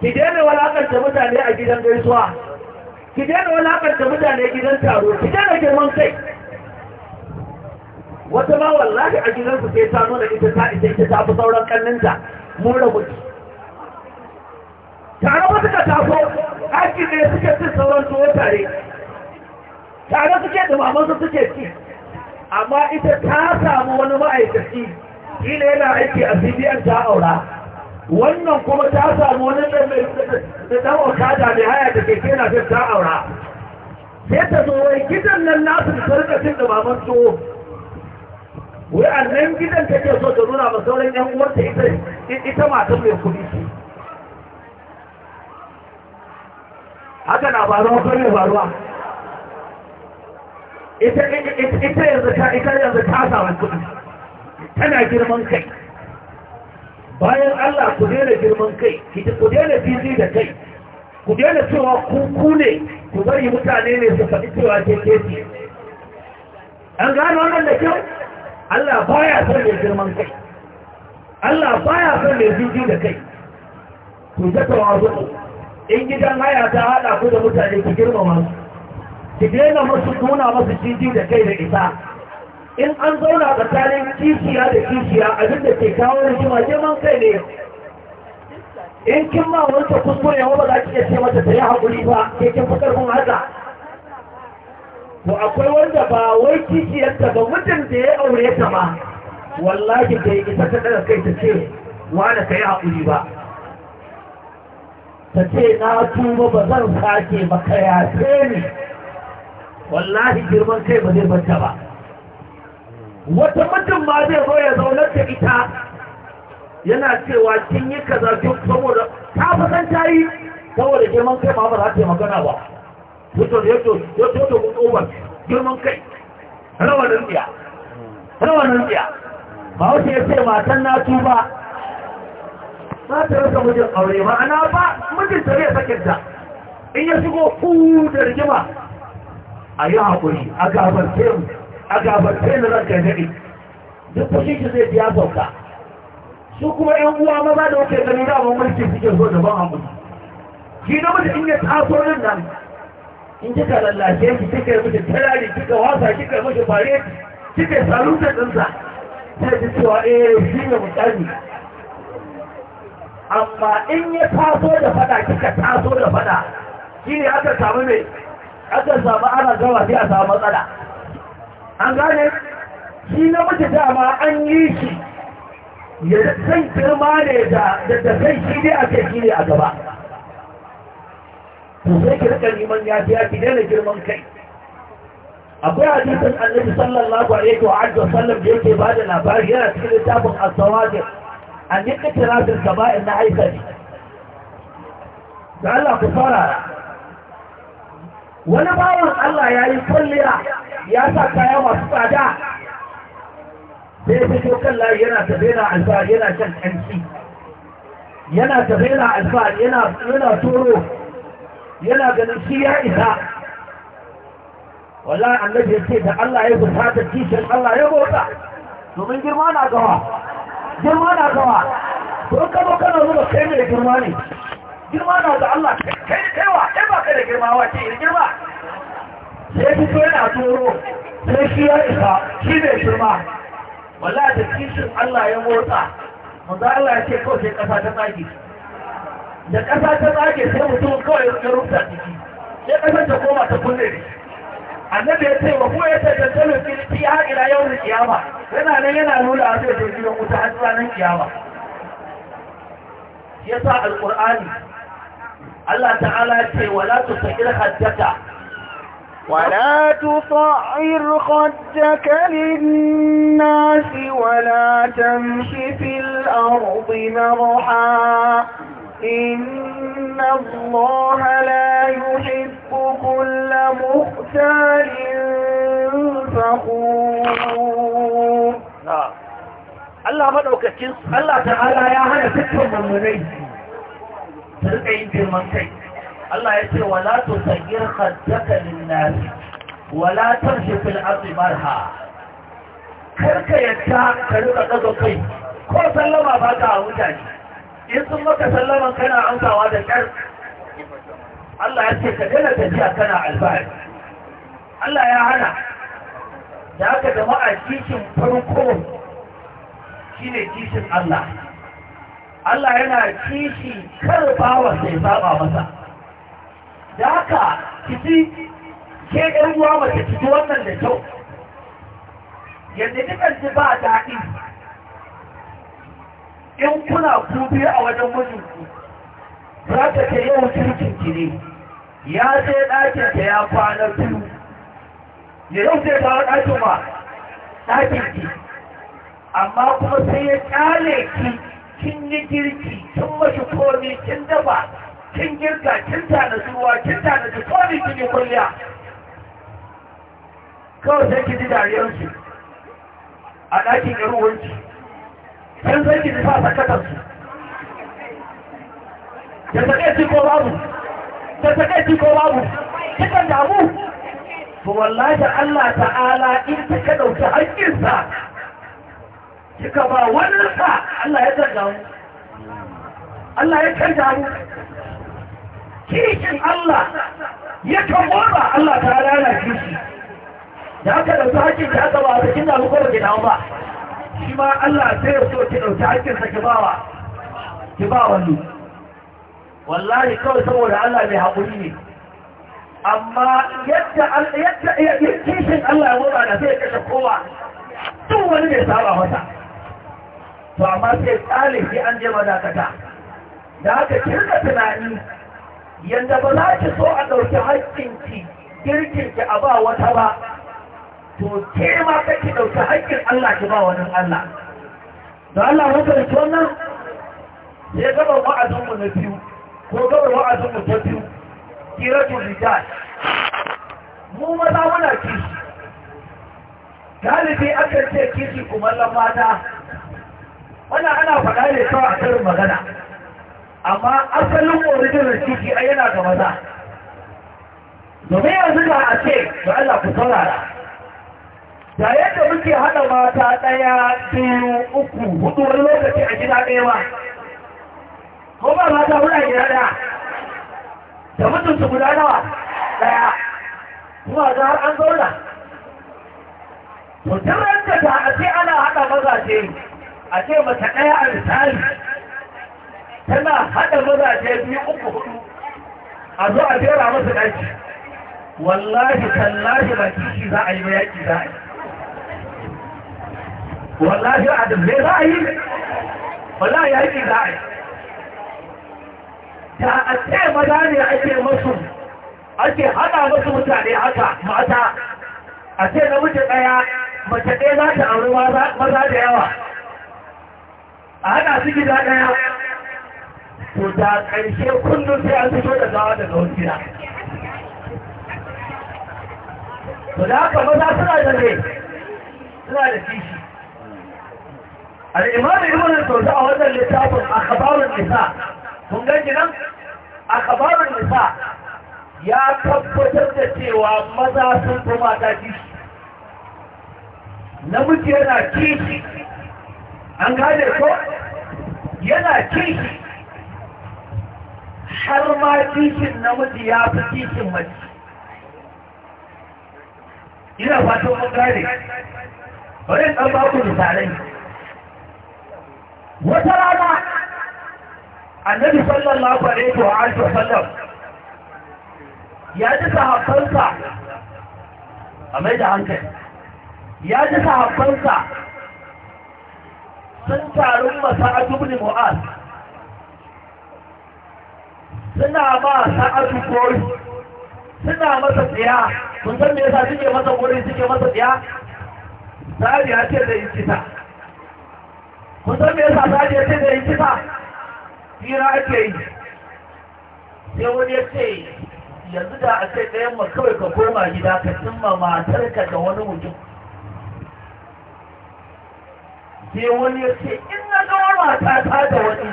B: ki daina walakanta mutane a gidan gaisuwa ki daina walakanta mutane gidan taro ki daina girman kai wata ma wallahi a su sai ta nuna ita ta ita ita ta fi sauran kanninta mun rabu tare wata ka taso aiki ne suke cin sauran tuwo tare tare suke da mamansu suke ci amma ita ta samu wani ma'aikaci Ila yana aiki a cbn ta aura wannan kuma ta samu wani da dan okada mai haya da keke na ta aura sai ta zo wai gidan nan nasu da da baban wai annan gidan take so ta nuna ma sauran yan uwarta ita ita matan mai kuɗi ce haka na faruwa ko ne faruwa ita yanzu ka ita yanzu ka samu kuɗi tana girman kai bayan Allah ku daina girman kai ku daina fifi da kai ku daina cewa ku ne ku bari mutane ne su faɗi cewa ke keke an gano wannan da kyau Allah baya son mai girman kai Allah baya son mai fifi da kai ku zata wa in gidan haya ta haɗa ku da mutane ku girmama su ki daina musu nuna musu titi da kai da isa in an zauna tsakanin kishiya da kishiya abinda da ke kawo rigima neman kai ne in kin ma wanke kuskure wa ba za ki iya ce mata ta yi haƙuri ba ke kin fi ƙarfin haka to akwai wanda ba wai kishiyarta ba mutum da ya aure ta ma wallahi bai isa ta ɗaga kai ta ce wa da ka yi haƙuri ba ta ce na tuba ba zan sake ba ka yafe ni wallahi girman kai ba zai banta ba wata mutum ma zai zo ya zaunar da ita yana cewa kin yi kaza kin saboda ta fa san ta yi saboda girman kai ma ba za ta magana ba yato yato yato to mun over girman kai rawa nan biya rawa nan biya ba wace ya ce matan na su ba ta rasa mijin aure ma'ana ba mijin ta zai sakin sakinta. in ya shigo ku da rigima a yi haƙuri a gabarce na ranka daɗi duk kushin shi zai biya sauka su kuma yan uwa maza da wuce ganin ramar mulki suke so da ban haƙuri shi na mutu in ya taso nan nan in kika lallashe shi kika yi mutu tarari kika wasa kika yi mutu bare kika yi saluta ɗinsa sai ji cewa eh shi ne mutane amma in ya taso da fada kika taso da fada shi ne aka samu mai akan samu ana zama sai a samu matsala an gane shi na mace dama an yi shi ya san girma ne da da shi ne a kai shi a gaba to sai ki rika neman ya fi ya fi daina girman kai akwai hadisin annabi sallallahu alaihi wa ajiyar wasallam da yake ba da labari yana cikin littafin as-sawajir an yi kitirafin kaba'in na aikari da Allah ku fara wani bawan Allah ya yi kwalliya ya sa kaya masu tsada sai fito kan layi yana tabena alfahari yana kan kanci yana tabena alfahari yana yana toro yana ganin shi ya isa Wala annabi ya ce da Allah ya gusa da kishin Allah ya motsa domin girma na gawa girma na gawa to kama kana zuba kai ne girma ne girma na da Allah kai kaiwa kai ba kai da girma wa ce girma sai fito yana turo sai shi ya isa shi ne girma wallahi da kishin Allah ya motsa manzo Allah ya ce kawai sai kasa ta tsage da kasa ta tsage sai mutum kawai ya rubuta jiki sai kasa ta koma ta kulle ne annabi ya ce wa ko ya ce tantalu fil ya ila yawm qiyama yana nan yana nuna a zai je gidan wuta har ranar kiyama yasa alqur'ani الله تعالى ce ولا تصعر خدك ولا
A: تصعر خدك للناس ولا تمش في الأرض مرحا إن الله لا يحب كل مختال فخور نعم.
B: الله مدعوك الله تعالى يا هنا فتح من ta yin girman kai Allah ya ce wala to sagir khaddaka linnas wala tamshi fil ardi marha karka yadda ka rika kai ko sallama ba ka mutane in sun maka sallaman kana amsawa da kyar Allah ya ce ka daina tafiya kana alfahari Allah ya hana da aka jama'a kishin farko shine kishin Allah Allah yana kishi kar bawa sai saba masa da haka kici ke ɗan uwa mace kici wannan da kyau yadda kikan ji ba daɗi in kuna kubi a wajen mijinku za ta ce yau kirkin ki ya sai ɗakin ta ya kwana biyu ya yau sai ta ɗakin ma ɗakin ki amma kuma sai ya ƙale ki kin yi girki kin mashi komi kin dafa kin girka kin tana zuwa kin da komi kin yi kulliya kawai sai ki ji dariyarsu a ɗakin yaruwanci sun sai ki ji sa sakatarsu da takaici ko babu da takaici ko babu kikan damu to wallahi Allah ta'ala in kika ɗauki haƙƙinsa suka ba wani sa Allah ya canza mu Allah ya canza mu kishin Allah ya kamora Allah ta rana kishi da aka ɗauki hakkin da aka ba ta kinna ko ba ki dawo ba shi ma Allah sai ya so ki ɗauki hakkin sa ki bawa ki ba wani wallahi kawai saboda Allah mai haƙuri ne amma yadda yadda kishin Allah ya mura da sai ya kashe kowa duk wani mai saba mata to amma sai tsalifi an je madakata da haka kirka tunani yanda ba za ki so a ɗauki haƙƙinki girkinki a ba wata ba to ke ma kake ɗauki haƙƙin Allah ki ba wani Allah da Allah mafarki wannan sai gaban wa'azinmu na biyu ko gaba wa'azinmu ta biyu kiratu rijal mu maza muna kishi galibi akan ce kishi kumallon mata wani ana faɗa ne kawai a karin magana amma asalin original ciki a yana ga maza domin yanzu ga a ce da Allah ku saurara da yadda muke haɗa mata ɗaya biyu uku hudu wani lokaci a gida ɗaya ba ko ba mata wuna gida ɗaya da mutum su guda nawa ɗaya kuma ga har an zauna to tun ta a ce ana haɗa mazaje a ce mace ɗaya a misali tana haɗa mazaje biyu uku hudu a zo a jera masa ɗaki wallahi tallahi ba kishi za a yi ba yaƙi za a yi wallahi a dabbe za a yi wallahi yaƙi za a yi da a ce maza ne ake masu ake haɗa masu mutane haka mata a ce na namiji ɗaya mace ɗaya za ta auri maza da yawa a haɗa su gida ɗaya to da ƙarshe kullum sai an fito da zawa daga wasu gida
C: to da haka maza suna da ne
B: suna da kishi al'imam ibn al-tawza a wannan littafin akhbarun nisa kun ganji nan akhbarun nisa ya tabbatar da cewa maza sun fi mata kishi namiji yana kishi an gane ko yana kishi har ma kishin namiji ya fi kishin mace ina fatan mun gane bari ɗan baku ku misalai wata rana annabi sallallahu alaihi wa alihi wasallam ya ji sahabbansa a mai da hankali ya ji sahabbansa sun taru masa ibn mu'ad suna ma sa'adu kori suna masa tsaya kun san me yasa suke masa gori suke masa tsaya sa'adu ya ce da yi kisa kun san me yasa sa'adu ya ce da yi kisa hira ake yi sai wani ya ce yanzu da a ce ɗayan ma kawai ka koma gida ka cimma matarka da wani mutum sai wani ya ce in na ga mata ta da wani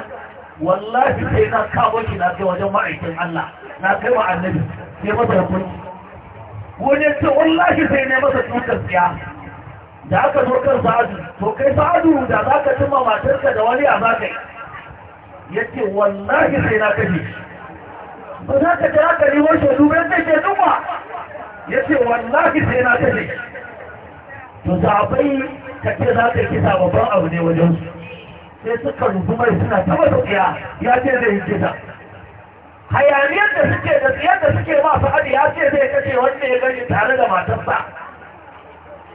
B: wallahi sai na kawo shi na kai wajen ma'aikin Allah na kai wa annabi sai masa hukunci wani ya ce wallahi sai ne masa tutar tsiya da aka zo kan sa'adu to kai sa'adu da za ka cimma matarka da wani a za ka yi ya ce wallahi sai na kashe ba za ka jira ka riwar shaidu bai zai ke ba ya ce wallahi sai na kashe to zaɓai ka ce za ka kisa babban abu ne wajen su sai suka rufu mai suna ta matuƙiya ya ce zai yi kisa hayaniyar da suke da tsayar da suke ma fa'adi ya ce zai kace wanda ya gani tare da matarsa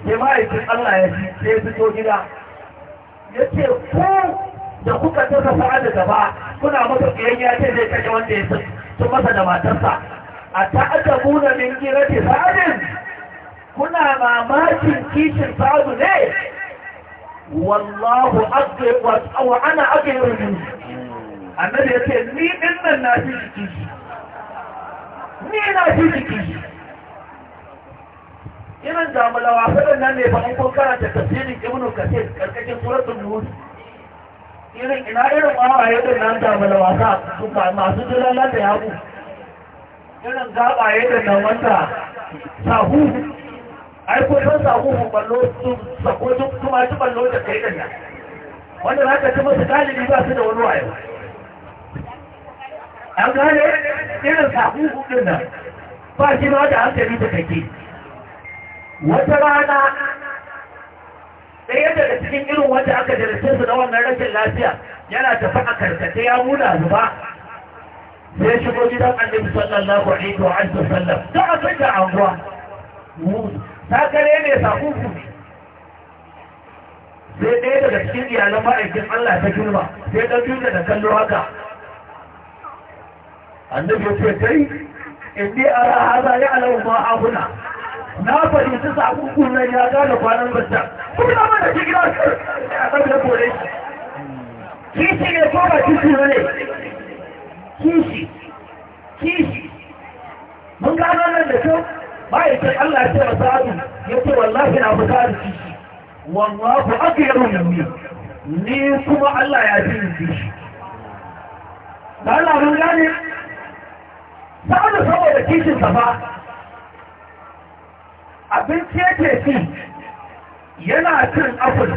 B: sai ma'aikin Allah ya ce sai fito gida ya ce ku da kuka tasa da gaba kuna masa tsayen ya ce zai kace wanda ya ci masa da matarsa a ta'adabuna min ce sa'adin kuna mamakin kishin sa'adu ne wallahu wa ana aghayru minhu annabi ce ni din nan na fi jiki ni na fi jiki irin jamulawa fadin nan ne ba in kun karanta tafsirin ibnu kathir karkashin suratul nur irin ina irin wawaye din nan jamulawa sa suka masu jilala da yabu irin gabaye din nan wanda sahu ai ko don sako mu ballo su sako duk kuma su ballo da kai din nan wanda za ka musu galibi ba su da wani wayo an gane irin sako hudun nan ba shi ma da hankali da kake wata rana ɗaya daga cikin irin wanda aka jarabce su na wannan rashin lafiya yana tafi a karkace ya muna zuba sai shigo gidan annabi sallallahu alaihi wa sallam da abin da anguwa Ta takare ne ku? sai ɗaya daga cikin iyalan ma'aikin Allah ta girma sai ɗan duniya da kallo haka annabi ce kai in dai a rahaza ya alawun ma abuna na fahimci sakukun nan ya gane kwanan basta kuma na mana shi gina shi a kan da kore kishi ne ko ba kishi ne kishi kishi mun gano nan da kyau ma'aikin Allah ya ce wa sa'adu ya ce wallahi na fuka da shi wallahu akhiru minni ni kuma Allah ya fi ni shi da Allah mun gane sa'adu saboda kishin sa fa abinci yake ci yana cin afur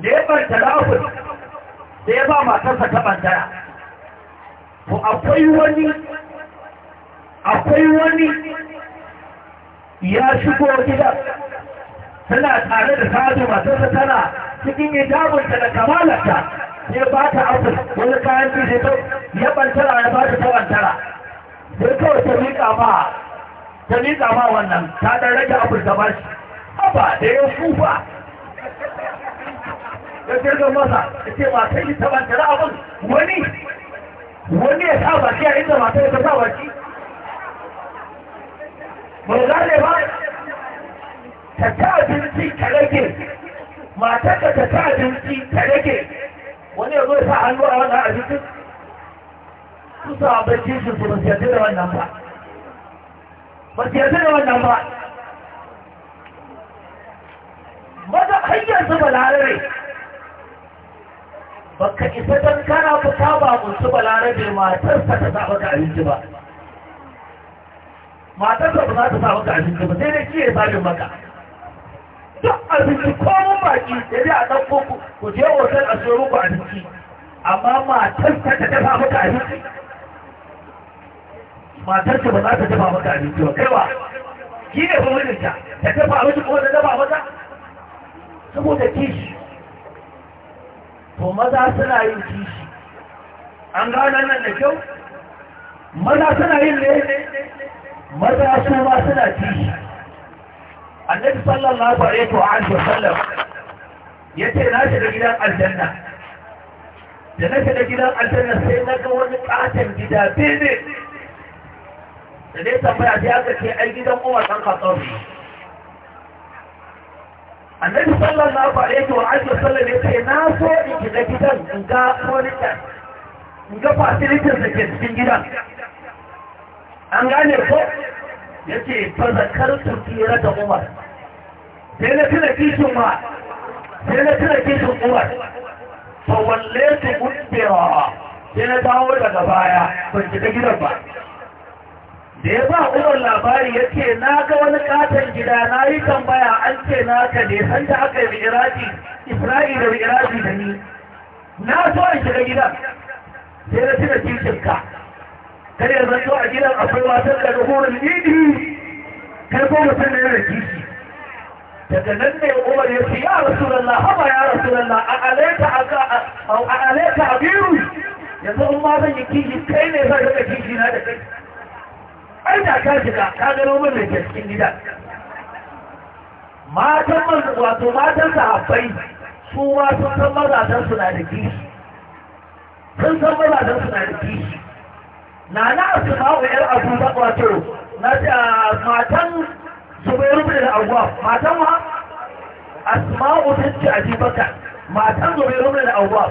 B: da ya banta da afur da ya ba matarsa ta bantara to akwai wani akwai wani ya shigo gida tana tare da sadu matarsa tana cikin hijabinta da kamalarta sai ba ta abu wani kayan bishi ta ya bantara ya ba ta tabantara sai kawai ta miƙa ma ta miƙa ma wannan ta ɗan rage abu da bashi haba da ya kufa ya jirgin masa ya ce masu yi bantara abu wani wani ya sa baki a inda matar ya ta sa baki mai zane ba ta ta abinci ta rage matarka ta ta abinci ta rage wani ya zo sa hannu a wannan abincin su sa abincin su su basu yarda da wannan ba ba basu yarda da wannan ba maza hanyar su balarare baka isa don kana fita ba musu balarabe matarsa ta zaɓa ka abinci ba matar ba za ta sa maka abinci ba sai dai shi ya sabin maka duk abinci ko mun baki da dai a ɗauko ku ku je hotel a siyo muku abinci amma matar ta ta dafa maka abinci matar ta ba za ta dafa maka abinci ba kai ba shi ne fa mijinta ta ta dafa abinci kuma ta dafa maka saboda kishi to maza suna yin kishi an gane nan da kyau maza suna yin
C: ne
B: maza su ma suna ci annabi sallallahu alaihi wa alihi wasallam yace na shiga gidan aljanna da na shiga gidan aljanna sai na ga wani katon gida bene da dai tambaya sai aka ce ai gidan Umar dan Khattab annabi sallallahu alaihi wa alihi wasallam yace na so in shiga gidan in ga wani in ga facilities da ke cikin gidan an gane ko ya ce fazakar turkiyar da umar sai na tuna kishin ma sai na tuna kishin umar fa walle su gudbewa sai na dawo daga baya ban shiga gidan ba da ya ba umar labari ya ce na ga wani katon gida na yi tambaya an ce na ka ne san ta aka yi mi'iraji isra'ila iraki da ni na so in shiga gidan sai na tuna kishin ka kare ya zanto a gidan akwai wasan da ruhunan idi kai ko mutum ne yana kishi daga nan ne umar ya ce ya rasulallah haba ya rasulallah a alaita a alaita a biyu yanzu in ma zan yi kishi kai ne zan rika kishi na da kai ai da ka shiga ka gano min da ke cikin gida matan man wato matan sahabbai su ma sun san na da kishi sun san mazajen na da kishi na na su ma'u yar abu ba wato na ah, matan zubairu bin da abuwa matan wa asma'u binti abi bakar matan zubairu bin da abuwa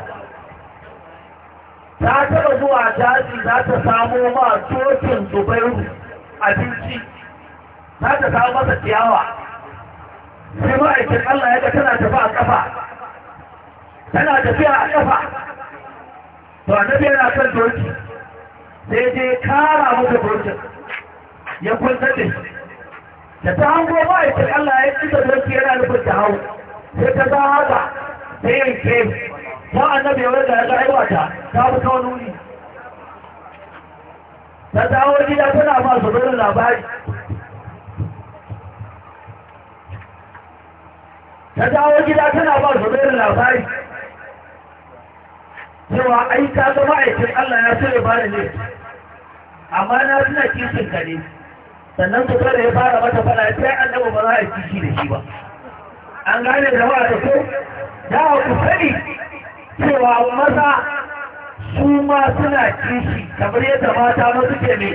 B: ta taba zuwa daji za ta samo ma cocin zubairu abinci za ta samu masa ciyawa sai ma'aikin Allah ya ga tana tafi a kafa tana tafiya a kafa to annabi yana kan doki sai dai kara maka burkin ya kwantar da da ta hango ba ya Allah ya ci da burki yana nufin ta hau sai ta za haka yin yanke ba annabi ya wanda ya ga aiwata ta fi kawo nuni ta dawo gida tana ba su barin labari ta dawo gida tana ba su labari cewa ai ka ga ma'aikin Allah ya so ya fara ne amma na suna kishin ka ne sannan su kada ya fara mata fara sai annabi ba za a kishi da shi ba an gane da ba ta so da ku sani cewa maza su ma suna kishi kamar yadda mata ma suke ne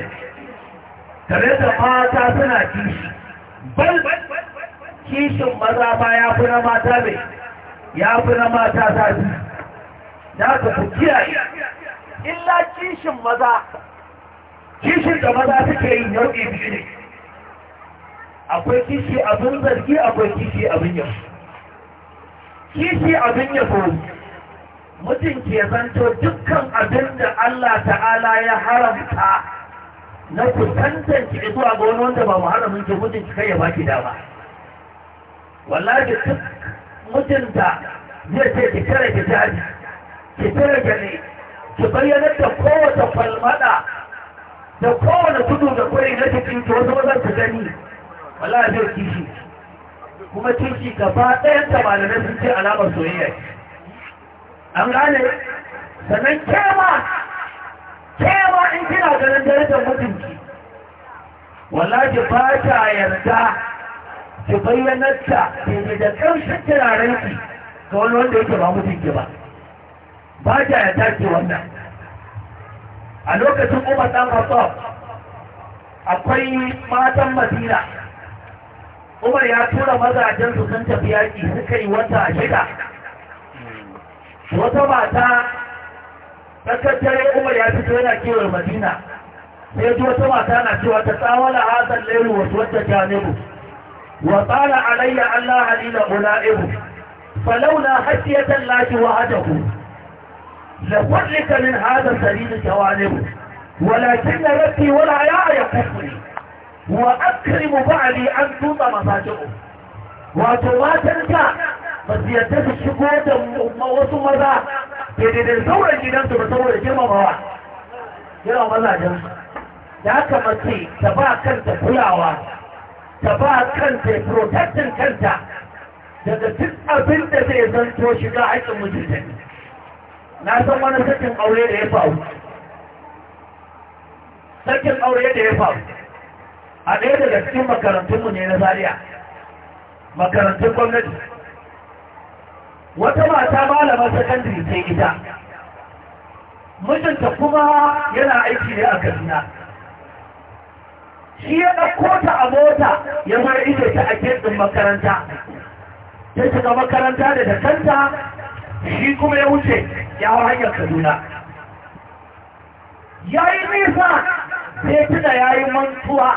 B: kamar yadda mata suna kishi bal kishin maza ma ya fi na mata ne ya fi na mata ta zafi da aka ku kiyaye illa kishin maza kishin da maza suke yi nau'i biyu ne akwai kishi abin zargi akwai kishi abin yabo kishi abin yabo mutum ke zanto dukkan abin da Allah ta'ala ya haramta na ku tantance zuwa ga wani wanda ba mu haramin ke mutum kai ya baki dama wallahi duk mutunta zai ce ki kare ki jari ki tare gani ki bayyanar da kowace falmada da kowane tudu da kwari na cikin ki wasu mazan su gani wala zai kishi kuma kishi gaba ɗayan ta sun ce alamar soyayya an gane sannan kema kema in kina ganin darajar mutunci wallahi ba ta yarda ki bayyanar ke da ƙarshen turaren ki ga wani wanda yake ba mutunci ba ba ya take wannan a lokacin umar dan khattab akwai matan madina umar ya tura mazajen su sun tafi yaki suka yi wata shida wata mata tsakatare umar ya fito yana kewar madina sai ji wata mata na cewa ta tsawala hazan lairu wasu wata janibu wa tsara alayya allah halila ula'ibu falaula hasiyatan lafi wa hadahu لفضلك من هذا سليل الجوانب ولكن ربي ولا يعي قصري وأكرم فعلي أن تضع مفاجئه وتوات لك بس يتس الشكوة وموص مرة يجد الزورة الجنان تبطور الجمع مرة يلا مرة جمع يا كمتي تبا كنت كلاوة تبا كنت بروتكت كنت يجد تسأل بلدة إذن توشي قاعد مجلسك na san wani sakin aure da ya faru sakin aure da ya faru a ɗaya daga cikin makarantunmu ne na zariya makarantun gwamnati wata mata malaman sakandare sai ita mijinta kuma yana aiki ne a kaduna shi ya ɗauko ta a mota ya mara ita ta a ɗin makaranta ta shiga makaranta da da kanta shi kuma ya wuce ya hau hanyar kaduna ya yi nisa sai tuna ya yi mantuwa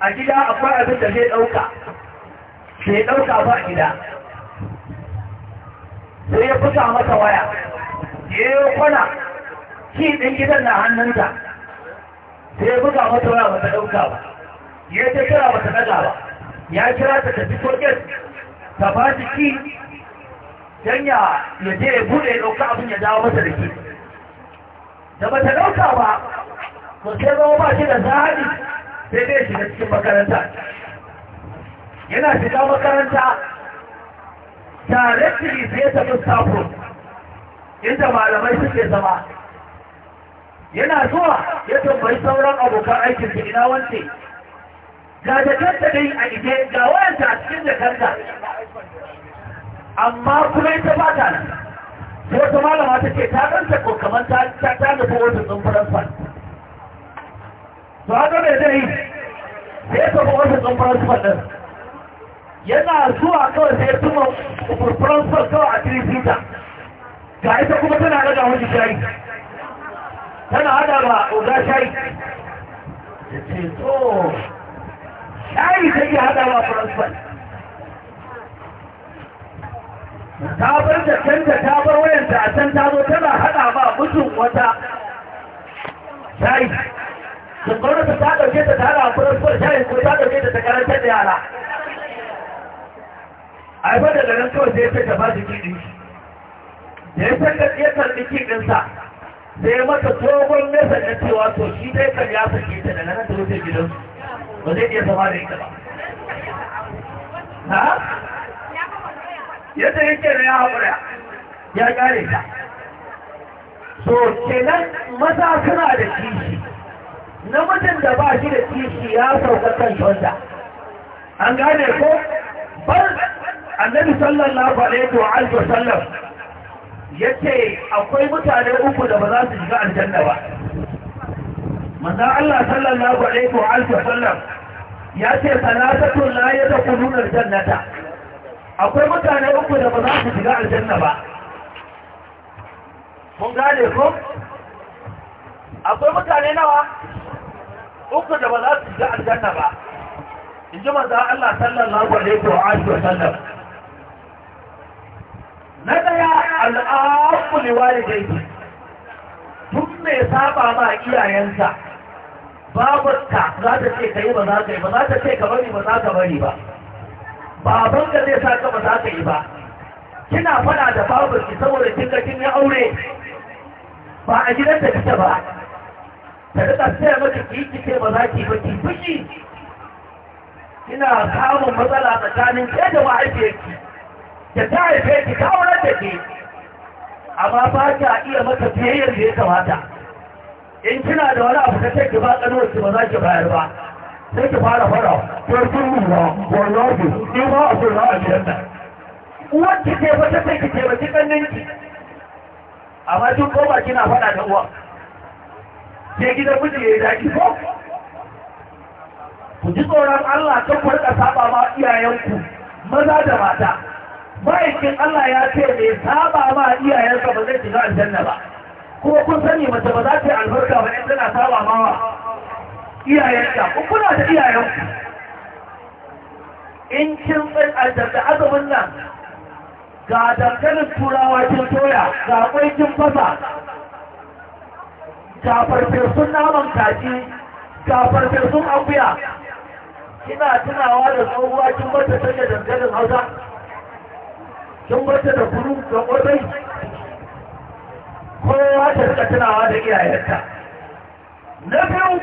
B: a gida akwai abin da zai ɗauka sai ɗauka ba gida sai ya fita masa waya ya yi kwana ki ɗin gidan na hannunta sai ya buga mata waya ba ta ɗauka ba ya ta kira ba ta ɗaga ba ya kira ta tafi soket ta ba ki don ya je ya bude ya ɗauka abin ya dawo masa da ke da ba ta ɗauka ba ko sai zama ba shi da zahabi sai zai shiga cikin makaranta yana shiga makaranta tare da sai ya tafi stafon inda malamai suke zama yana zuwa ya tambayi sauran abokan aikin su ina wance ga jakarta dai a ije ga wayanta a cikin jakarta amma kuma ita ba ta nan sai wata malama ta ce ta ganta ko kamar ta ta ta da ko wata tsumfaran fan to haka mai zai sai ya tafi wata tsumfaran fan din yana zuwa kawai sai ya tuma furfuran fan kawai a cikin fita ga ita kuma tana daga wani shayi tana hada ba oga shayi
C: ya ce to
B: shayi sai ya hada ba furan fan ta bar da canta ta bar wayanta a can ta zo tana haɗa ba mutum wata shayi sun gwamnati ta ɗauke ta tara a furar shayi ko ta ɗauke ta ta karantar da yara a yi da ganin kawai sai ce ta ba shi kiɗi da ya san da ya karɓi kiɗinsa sai mata dogon nesa na cewa to shi dai kan ya sake ta da nan da wuce gidansu ba zai iya zama da ita ba yadda yake da ya haƙura ya ƙare ta so kenan maza suna da kishi namijin da ba shi da kishi ya sauka kan shonda an gane ko bar annabi sallallahu alaihi wa alihi Ya ce akwai mutane uku da ba za su shiga aljanna ba manzon Allah sallallahu alaihi wa alihi wasallam yace salatatu la yadkhuluna aljannata akwai mutane uku da ba za su shiga aljanna ba mun gane ko akwai mutane nawa uku da ba za su shiga aljanna ba in ji maza Allah sallallahu alaihi wa alihi wa sallam na daya al'afu liwalidayhi tun mai saba ma iyayensa babarka za ta ce kai ba za ka yi ba za ta ce ka bari ba za ka bari ba baban ka zai sa ka ba za ka yi ba kina fada da babu ki saboda kin ga kin ya aure ba a gidan da kike ba ta rika sai maka ki ki ce ba za ki ba ki fushi kina samun matsala tsakanin ke da mahaifiyarki da ta haife ki ta aure da ke amma ba ka iya maka biyayyar da ya kamata in kina da wani abu ka ce ki ba kanuwar ki ba za ki bayar ba sai ki fara fara farkon ruwa wallahi in ba a so za a biyar nan uwarki ki ke ta sai ki ke, ba ki kanninki amma tun ko ba kina faɗa da uwa Ke gidan miji ya yi daki ko ku ji tsoron Allah kan ku rika saba ma iyayenku maza da mata ma'aikin Allah ya ce mai saba ma iyayensa ba zai shiga aljanna ba kuma kun sani mace ba za ta yi albarka ba in tana saba ma iyayenta ko kuna da iyayenku in kin tsaya da azumin nan ga dankalin turawa kin toya ga kwai kin fasa ga farfesun naman kaji ga farfesun akuya kina tunawa da tsohuwa kin bata sanya dankalin hausa kin bata da kuru da ƙwarai kowa ta rika tunawa da iyayenta na biyu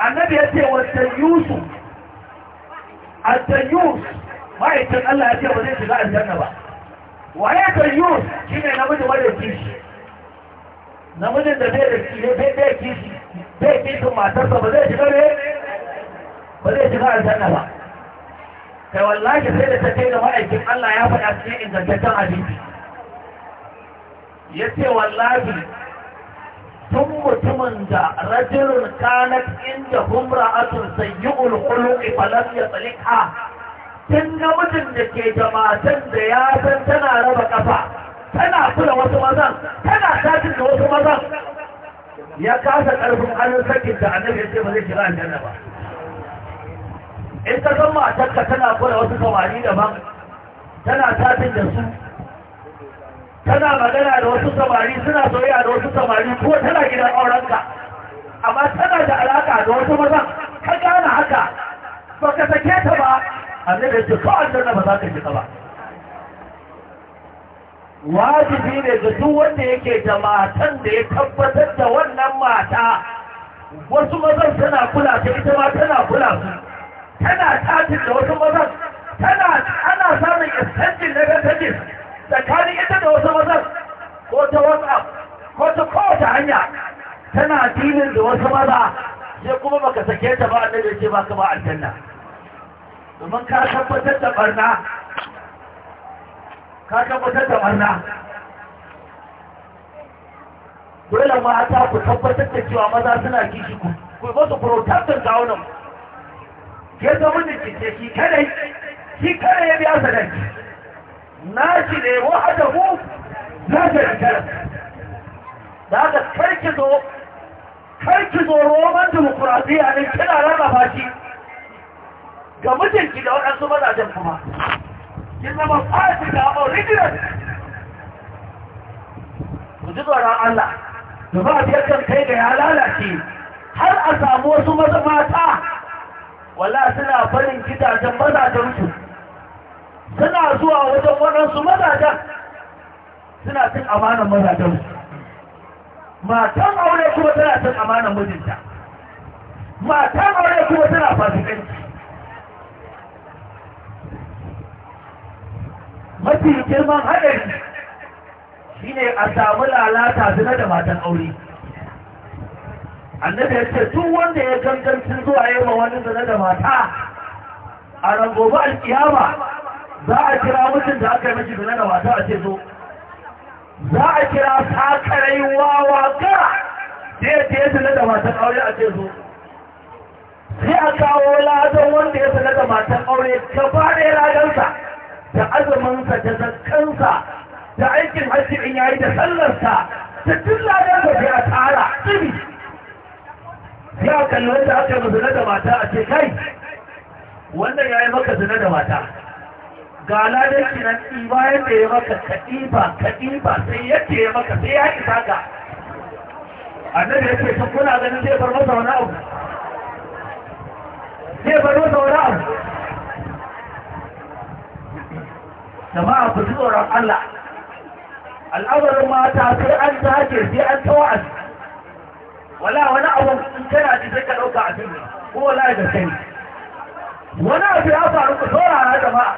B: annabi ya ce wata yusu a tayyus ma'aikin Allah ya ce ba zai shiga aljanna ba waye tayyus shi ne namiji wadda kishi namijin da zai da bai kishi bai kishin matarsa ba zai shiga ne ba zai shiga aljanna ba kai wallahi sai da ta kai da ma'aikin Allah ya faɗa cikin ingantaccen abinci ya ce wallahi tun mutumin da rajulun kanat inda humra atun sayyi'ul khuluqi falam yasliha tun namijin da ke da matan da ya san tana raba kafa tana kula wasu mazan tana sakin da wasu mazan ya kasa karfin hannun sakin da annabi ce ba zai kira aljanna ba in ka san ka tana kula wasu samari daban tana sakin da su tana magana da wasu samari suna soyayya da wasu samari ko tana gidan aurenka amma tana da alaka da wasu mazan ka gane haka ba ka sake ta ba zai da jiko an zarna ba za ka jika ba wajibi ne ga duk wanda yake da matan da ya tabbatar da wannan mata wasu mazan tana kula ta ita ma tana kula su tana tatin da wasu mazan tana ana samun extension na gatalis tsakanin ita da wasu mazan ko ta whatsapp ko ta kowace hanya tana dilin da wasu maza sai kuma baka sake ta ba annabi ce baka ba aljanna domin ka tabbatar da barna ka tabbatar da barna dole mata ku tabbatar da cewa maza suna kishi ku ku ba su protector gawunan ke zama da kike shi kadai shi kadai ya biya sadaki nashi ne wahadahu la sharika da haka karki zo karki zo roman demokuraɗiyya ne kina rarraba shi ga mijinki da waɗansu mazajen kuma kin zama fasika original ku ji tsoron Allah da ba biyar kan kai ga ya lalace har a samu wasu maza mata wala suna barin gidajen mazajen su Suna zuwa wajen waɗansu mazajen suna cin amanan mazajen matan aure kuma tana cin amanan mijinta matan aure kuma tana fasikanci mafi girman haɗari shine a samu lalata zina da matan aure annabi ya ce duk wanda ya gangancin zuwa yi ma wani zina da mata a rangobar kiyama za a kira mutum da aka yi miki zina da wata a ce zo za a kira sakarai wawa gara. da ya ce zina da matan aure a ce zo sai a kawo ladan wanda ya zina da matan aure gaba ɗaya ladansa da azuminsa da zakkansa da aikin hasi in yayi da sallarsa da duk ladansa sai a tara tsibi sai a kalli wanda aka yi zina da mata a ce kai wannan ya yi maka zina da mata ga ladan shi nan ɗiba ya ce maka ka ɗiba sai ya ce maka sai ya isa ga annabi ya ce sun kuna ganin zai bar masa wani abu zai bar masa wani abu jama'a ku ji tsoron Allah al'amarin mata sai an zage sai an ta wa'azi wala wani abu in kana ji sai ka ɗauka a fili ko wala da sani wani abu ya faru ku saurara jama'a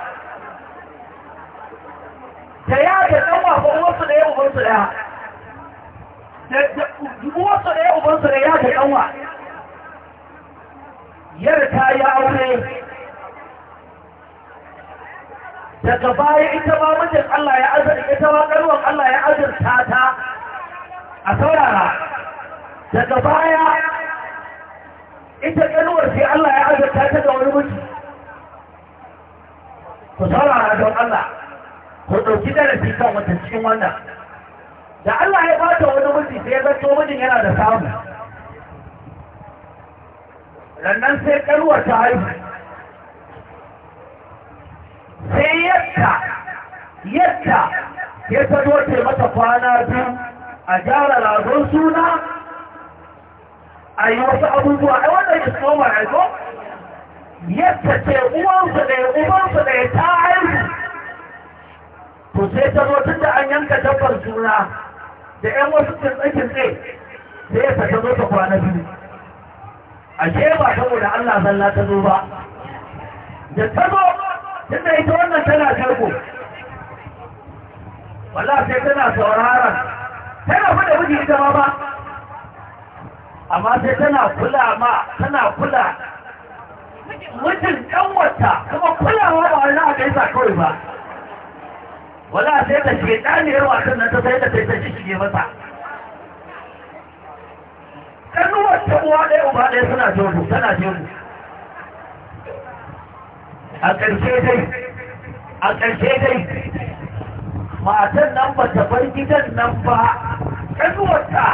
B: da ya da ɗan wafa uwarsu da ya ubansu ɗaya uwarsu da ya ubansu da ya da ɗanwa yarta ya aure daga baya ita ma mijin Allah ya azurta ita ma ƙarwar Allah ya azurta ta a saurara daga baya ita ƙarwar sai Allah ya azurta ta ga wani miji ku saurara don Allah mu ɗauki darasi kan wata cikin wannan da Allah ya bata wani miji sai ya zato mijin yana da samu rannan sai karuwa ta haihu sai yadda yadda ya zato ce mata kwana biyu a gyara ragon suna a yi wasu abubuwa a wannan ya soma aiko yadda ce uwansu da ya uwansu da ya ta haihu to sai ta zo tun da an yanka dabbar suna da yan wasu kintse-kintse sai ta zo ta kwana biyu ce ba saboda Allah zalla ta zo ba da ta zo tun da ita wannan tana tarko wallah sai tana sauraron tana fi da miji ita ba amma sai tana kula ma tana kula mijin ɗan wata kuma kulawa ba wani na a gaisa kawai ba wala sai da ke ɗaniyar wasan nan ta sai da sai ta shige masa ɗanuwar ta uwa ɗaya uba ɗaya suna jobu tana jobu a ƙarshe dai a ƙarshe dai matan nan ba ta bar gidan nan ba ɗanuwar ta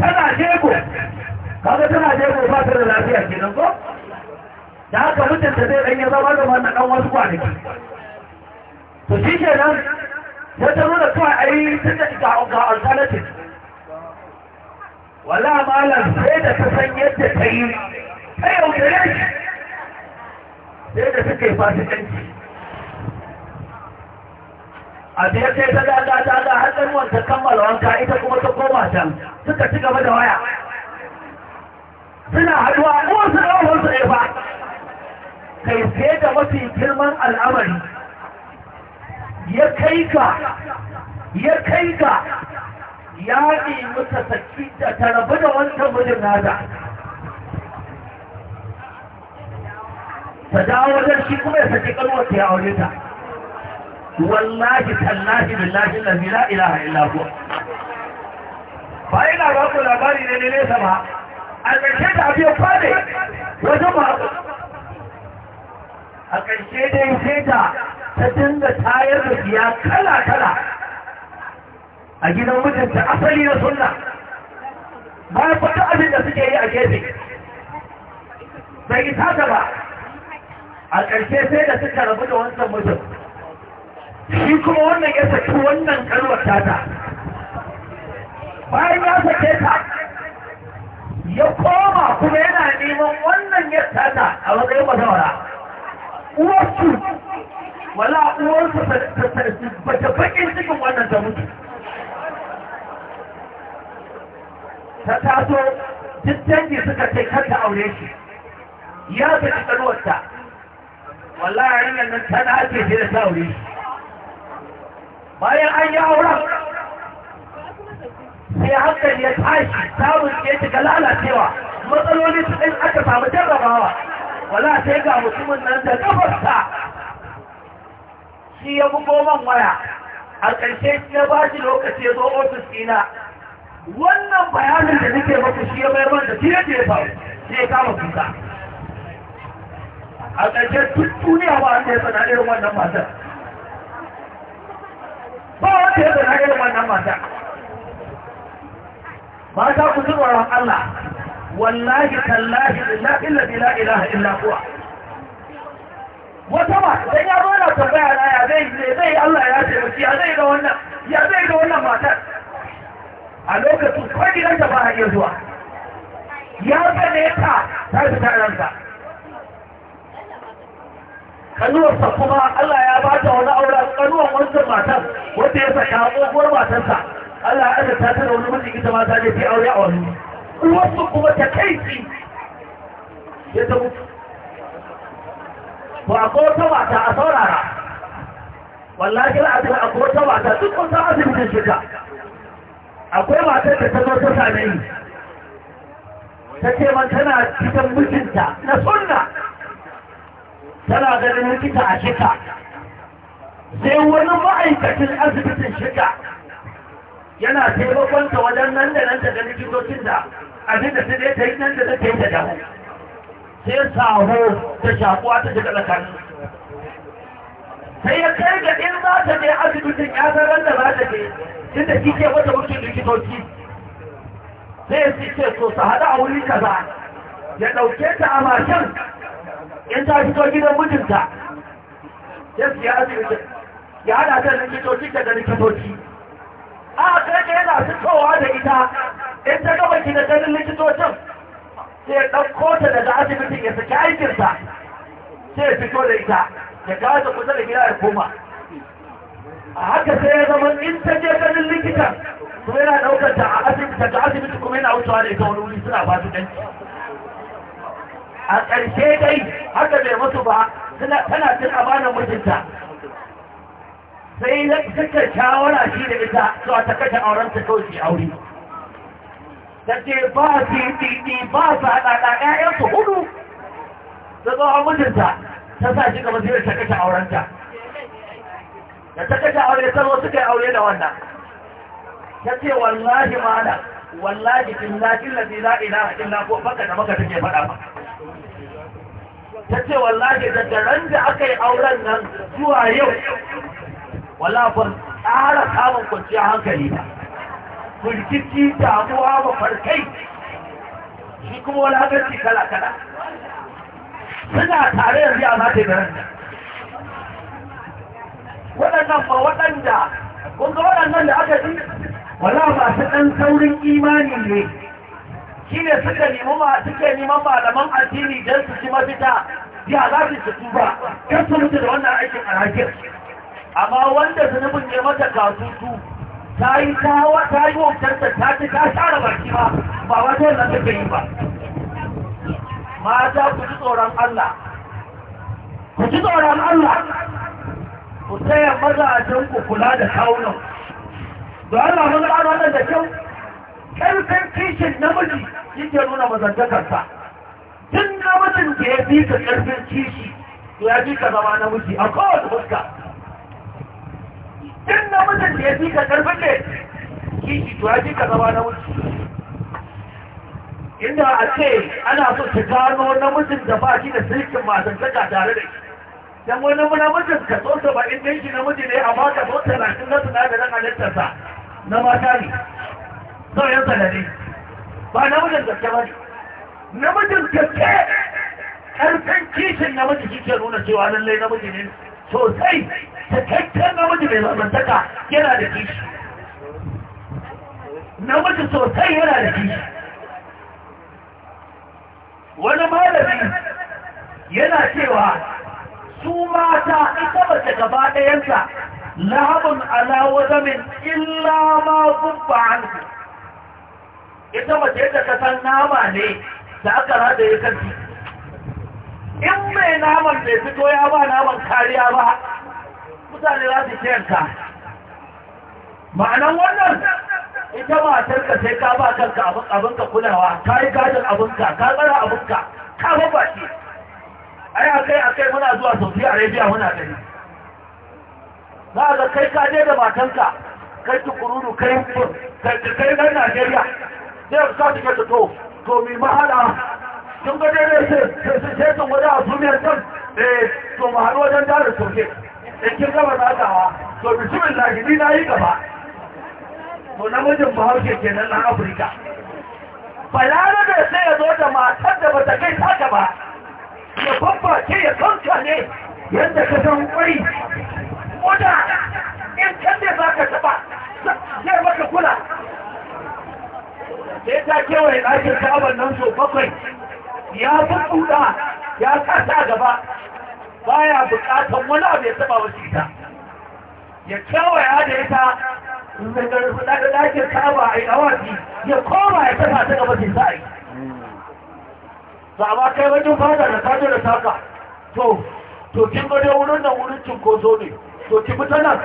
B: tana jego kaga tana jego ba ta da lafiya kenan ko da haka mutunta zai ɗanya zama da na ɗan wasu kwanaki to shi ke nan ya ta nuna kawai a yi tun da ga alternative wala malam sai da ta san yadda ta yi ta yaudare shi sai da suke yi fasikanci a biyar sai ta daga daga har ɗan ta kammala wanka ita kuma ta koma can suka ci gaba da waya suna haɗuwa uwarsu ɗan uwarsu ɗaya ba kai sai da mafi girman al'amari ya kai ka ya kai ka ya nemi ka saki da ta rabu da wancan mijin nata ta dawo wajen shi kuma ya saki kalwar ya aure ta wallahi tallahi billahi lazi la ilaha illa huwa ba ina ba ku labari ne ne nesa ba a ƙarshe ta abiya kwane wajen ba a ƙarshe da sai ta ta dinga tayar da biya kala-kala a gidan mijinta asali na sunna bayan fata abin da suke yi a gefe bai ta ba a ƙarshe sai da suka rabu da wancan mutum shi kuma wannan ya saki wannan karuwar tata bayan ya sake ta ya koma kuma yana neman wannan ya tata a matsayin masawara. uwarsu wala uwarsa ba ta bakin cikin wannan ta mutu ta taso duk dangi suka ce kar aure shi ya ta ci ɗanuwarta Wala yarinyar nan tana ake ce da ta aure shi bayan an yi auren
C: sai hankali ya tashi samun ke ta ga lalacewa
B: matsaloli su ɗin aka samu jarrabawa wala sai ga mutumin nan da kafarsa shi ya bugo man waya a ƙarshe ya ba shi lokaci ya zo ofis ɗina wannan bayanin da nake maku shi ya bayar da shi ya je faru shi ya kama kuka a ƙarshe duk duniya ba wanda ya tsana irin wannan matar ba wanda ya tsana irin wannan matar mata ku ji tsoron Allah wallahi tallahi Ila-illa lillahi la ilaha illa huwa wata ma idan ya zo yana tambaya na ya zai zai Allah ya taimaki ya zai ga wannan ya zai ga wannan matar a lokacin ko gidanta ba iya zuwa ya gane ta ta fita ranta kanuwarsa kuma Allah ya ba ta wani aure kanuwar wancan matar wanda ya saka tsohuwar matarsa Allah ya azurta ta da wani miji ita mata ne fi aure a wani uwarsu kuma ta kai ya ta mutu to akwai wata mata a saurara wallahi la'adar akwai wata mata duk kun asibitin shika akwai matar da ta zo ta same yi. ta ce man tana cikin mijinta na sunna tana ganin likita a shika sai wani ma'aikacin asibitin shika yana taimakon ta wajen nan da nan da likitocin da abin da su ne ta yi nan da ta yi ta damu sai sahu ta shakuwa ta shiga tsakanin sai ya kai ga in za ta je asibitin ya san da za ta je inda kike wata wucin likitoci sai ya ce so su haɗu a wuri kaza ya ɗauke ta a mashin in ta fito gidan mijinta ya siya asibitin ya haɗa ta likitoci daga likitoci a kai yana fitowa da ita in ta gaba ki da ganin likitocin sai ɗauko ta daga asibitin ya saki aikinsa sai fito da ita ya gaza kusa da gida ya koma a haka sai ya zama in ta je ganin likitan kuma yana ɗaukar ta a asibitin, daga asibitin kuma yana wucewa da ita wani wuri suna ba su ɗanki a ƙarshe dai haka bai mutu ba tana cin amanar mutunta. sai na suka shawara shi da ita zuwa ta kashe auren ta kawai aure ta ce ba titi ba sa ɗaɗa ƴaƴansu hudu ta tsohon mutunta ta sa shi gaba zai ta kashe aurenta da ta kashe aure ta zo suka yi aure da wannan ta ce wallahi mana wallahi billahi lazi la ilaha illa ko baka da maka take faɗa ba
C: ta ce wallahi daga ran da aka yi auren nan zuwa yau
B: wallahi ban tsara samun kwanciyar hankali ba da damuwa ba farkai shi kuma wani hagarci kala-kala suna tare yanzu a za da. yi waɗannan ba waɗanda kunga waɗannan da aka ɗin wala masu ɗan saurin imani ne shi ne suka neman malaman addini don su ci mafita ya za su su tuba kan su mutu da wannan aikin alhakin amma wanda zunubin ne mata kasutu ta yi tawa ta yi wautarta ta ce ta share baki ba ba wata yadda take yi ba mata ku ji tsoron Allah ku ji tsoron Allah ku taya mazajen ku kula da kawunan da Allah maza an wannan da kyau ƙarfin kishin namiji yake nuna mazantakarsa tun namijin da ya fi ka ƙarfin kishi to ya fi ka zama namiji a kowace fuska duk namijin da ya fi ka karfin ne kishi to tura fi ka zama namiji inda a ce ana so ta gano namijin da ba shi da sirkin matantaka tare da shi dan wani namijin ka so saba'in ɗin shi namiji ne amma ka so talatin na sinadarin halittarsa na mata ne da ne ba namijin gaske ba ne namijin gaske ƙarfin kishin namiji shi ke nuna cewa lallai namiji ne sosai cikakken namiji mai mamantaka yana da kishi namiji sosai yana da kishi wani malami yana cewa su mata ita mace gaba ɗayanta lahabun alawa zamin illa ma gubba an ita mace yadda ta san nama ne da aka rada ya kanti in mai naman bai fito ya ba naman kariya ba mutane za su kiyanka ma'anan wannan ita matar sai ka ba kanka abinka kulawa ka yi gadin abinka ka tsara abinka ka babba shi ai akai akai muna zuwa saudi arabia muna gani za a ga kai ka je da matanka kai tukururu kai kai kai dan najeriya zai ka shiga to to mi mahala kin ga dai su su ce tun waje a duniyar kan eh to mu haɗu wajen tare soke in eh, kin gaba da haka to bismillah ni na yi gaba to namijin bahaushe nan na Afirka da sai ya zo da matar da bata kai ta ba ya babba ce ya kanka ne yadda ka san kwai koda in kan ne za ka taba zai maka kula sai ta kewaye ɗakin ka'abar nan so bakwai ya tuttuɗa ya kasa gaba ba ya bukatan wani abu ya taɓa wasu ita ya ya da ita daga rufuɗa da ɗakin saba a yi awaki ya koma ya saba ta gaba sai sa'i ba ma kai wajen fada da sajo da saka to to kin gado wurin da wurin cinkoso ne to ki fita nan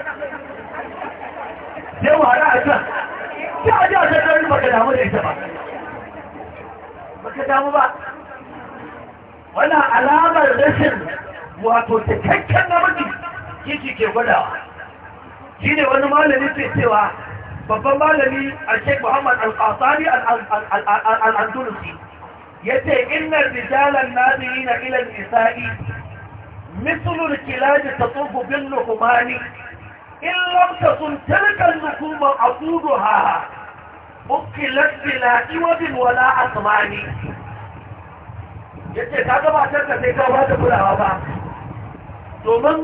B: sai wahala a can sai a ji a tattalin baka damu da ita ba baka damu ba wani alamar rashin wato cikakken namiji yake ke gwadawa shi ne wani malami ke cewa babban malami a sheik muhammad al-qasari al-andalusi ya ce innar rijalan naziri na ilan isa'i mislul kilaji ta tsofu bin lukumani in lamta sun tilkan lukuman a kudu ha ha ukilar bila iwabin wala asmani Yace ta gabatar ka sai ka bada kulawa ba domin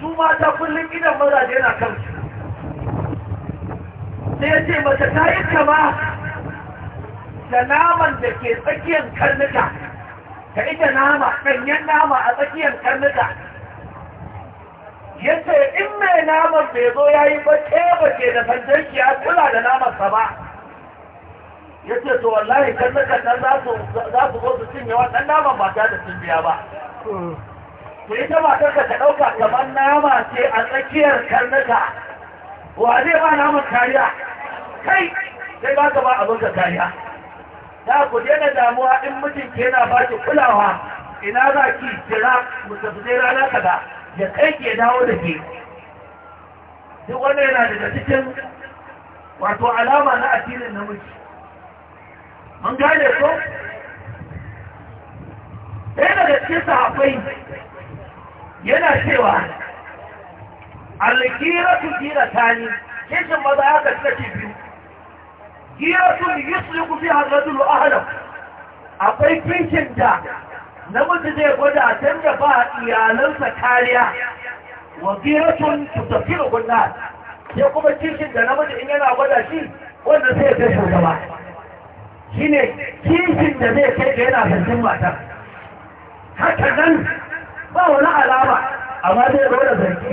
B: su mata kullum idan mazaje na kansu sai ya ce mace ta yi kama da naman da ke tsakiyar karnuka ta ita nama ɗanyen nama a tsakiyar karnuka yace in mai naman bai zo ya yi ba ce ke da sandan ya kula da namansa ba ya ce to wallahi karnukan nan za su zo su cinye dan naman ba ta da sun biya ba to ita matar ka ta ɗauka kamar nama ce a tsakiyar karnuka wa zai ba naman kariya kai sai ba ka ba abin ka kariya da ku daina damuwa in mijin ke yana ba ki kulawa ina za ki jira mu tafi dai rana kaza ya kai ke dawo da ke duk wannan yana daga cikin wato alama na addinin namiji an gane so? ɗaya daga cikin sahafai yana cewa algira su gira tani kishin maza ya ka cika biyu gira su yusri ku fi hazardulu ahalam akwai kishin da namiji zai gwada a can da ba iyalansa kariya wa gira sun da gudunar sai kuma kishin da namiji in yana gwada shi wanda zai kai gaba. shi ne kishin da zai kai da yana santin mata haka nan ba wani alama amma zai zo zarki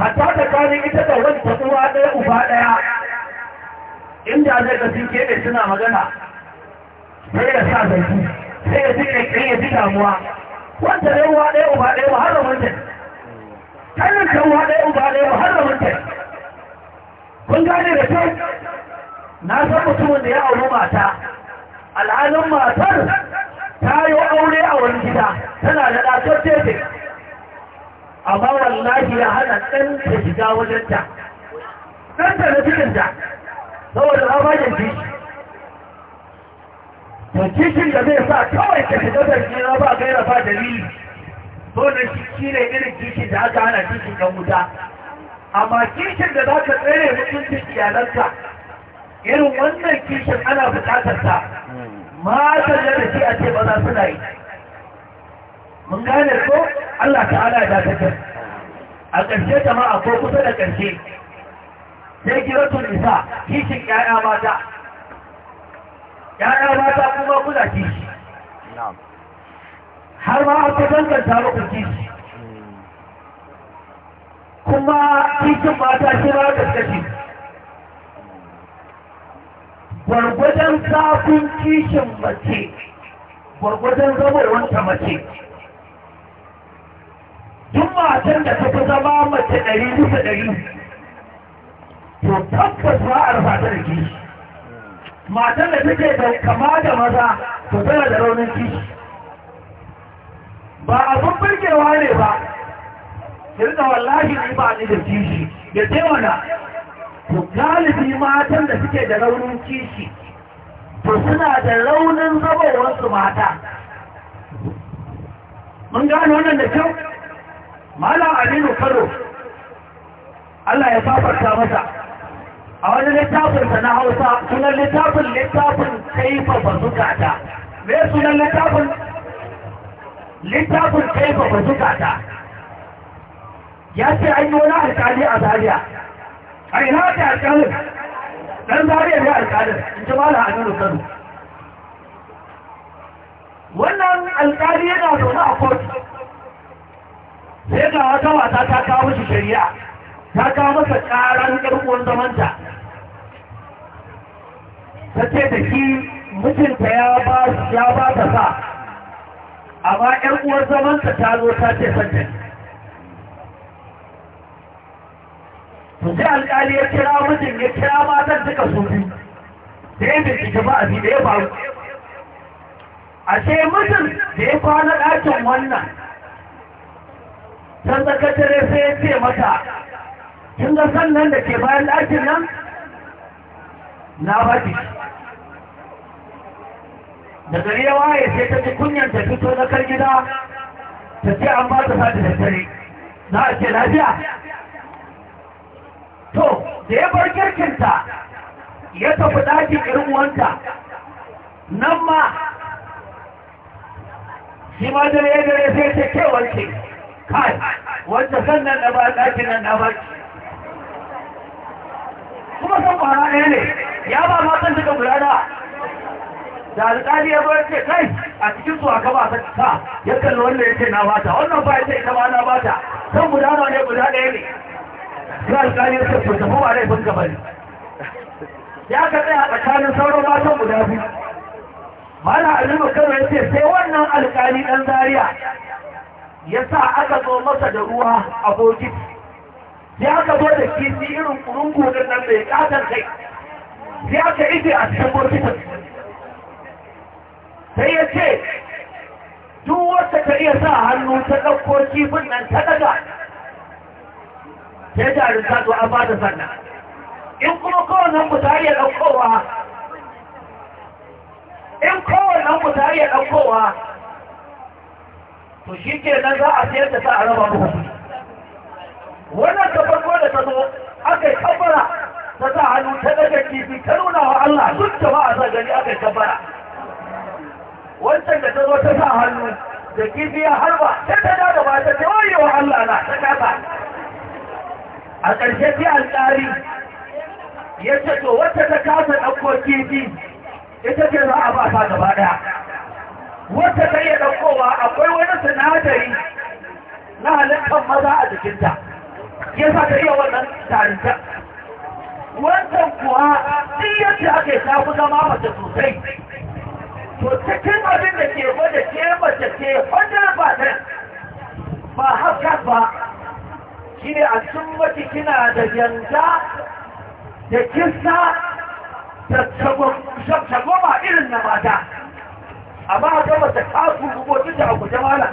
B: hatta ta tsakanin ita da wani tatuwa ɗaya uba ɗaya inda zai ga sun keɓe suna magana sai ya sa zarki sai ya jiƙe ƙaiƙai ya ji damuwa wanda ne uwa ɗaya uba ɗaya har da mutum kanin kan uwa ɗaya uba ɗaya har da mutum kun gane da kyau na san mutumin da ya auri mata al'adun matar ta yi aure a wani gida tana da ɗasar tefe amma wallahi ya hana ɗan ta shiga wajen ta ɗan ta na cikin ta saboda ba ba yanki Da kishin da zai sa kawai ta shiga da shi na ba gaira ba dalili so da shi ne irin kishin da aka hana kishin ɗan wuta amma kishin da za ka tsere mutuncin iyalanta. irin wannan kishin ana bukatar sa matan da shi a ce ba za na yi mun gane ko Allah ta'ala ya dakatar a ƙarshe jama'a ko kusa da ƙarshe sai giratun isa kishin ƴaƴa mata ƴaƴa mata kuma kuna kishi har ma aka danganta muku kishi kuma kishin mata shi ma kaskashi gwargwadon zafin kishin mace gwargwadon zamowanta mace duk matan da ta fi zama mace ɗari bisa ɗari to tabbas ba a rasa da kishi matan da take da kama da maza to tana da raunin kishi ba abin birgewa ne ba yanzu wallahi ne ba ni da kishi da taimaka to galibi matan da suke da raunin kishi to suna da raunin zabawarsu mata mun gano wannan da kyau malam aminu karo Allah ya fafarta masa a wani littafinsa na hausa sunan littafin littafin kaifa zukata me sunan littafin littafin zukata ya ce an yi wani alkali a zariya a ina wata alƙalin zariya alƙalin in kano wannan alƙali yana zaune a kotu sai ga wata wata ta kawo shi shari'a ta kawo masa ƙaran ƙarƙon zamanta ta ce da ki mijinta ya ba ta sa amma ƴan uwar zamanta ta zo ta ce sanya sai alƙali ya kira mijin ya kira matan duka su biyu da ya bincike ba abi da ya faru A ce mutum da ya kwana ɗakin wannan san sakatare sai ya ce mata kin ga sannan da ke bayan ɗakin nan na faɗi da gari ya waye sai ta ji kunyan ta fito na kar gida ta ce an ba ta sa da daddare na ake lafiya to da ya bar girkinta ya tafi ɗakin irin wanta nan ma shi ma dare dare sai ce ke wanke kai wanda sannan da ba ɗakin nan na ba kuma san kwana ɗaya ne ya ba ma san daga gudana da alƙali ya bayar ce kai a cikin su aka ba ta ka ya kalli wanda ya ce na bata wannan ba ya ce ita ma na bata san gudana ne guda ɗaya ne sai alƙali ya ce ku tafi ba laifin ka ya ka tsaya tsakanin sauran matan guda biyu mana alimu kano ya ce sai wannan alƙali ɗan Zariya ya sa aka zo masa da ruwa a bokiti Ya ka zo da kifi irin kurungu nan mai ƙatar kai sai aka ije a cikin bokitin sai ya ce duk wacce ta iya sa hannu ta ɗauko kifin nan ta ɗaga sai jarinta to an ba da sannan in kuma kowannen mu ta iya ɗaukowa in kowannen mu ta ɗaukowa to shi ke nan za a sayar da ta a raba muku wannan ta farko da ta zo aka yi tabbara ta sa hannu ta daga kifi ta nuna wa Allah duk jama'a za gani aka yi tabbara. wancan da ta zo ta sa hannu da kifi ya harba ta ta da ba ta ce wa Allah na ta kasa a ƙarshe fi alƙari ya ce to wacce ta kasa ɗauko kifi ita ce za a ba ta gaba ɗaya wacce ta iya ɗaukowa akwai wani sinadari na halittar maza a jikinta ya sa ta iya wannan tarinta wancan kuwa ɗin yadda aka yi ta fi zama mace sosai to cikin abin da ke gwada ke mace ke wajen ba ta ba haka ba shine a cikin mace kina da yanta da kisa da shagoma irin na mata amma a gaba ta kasu rubutun da abu jamala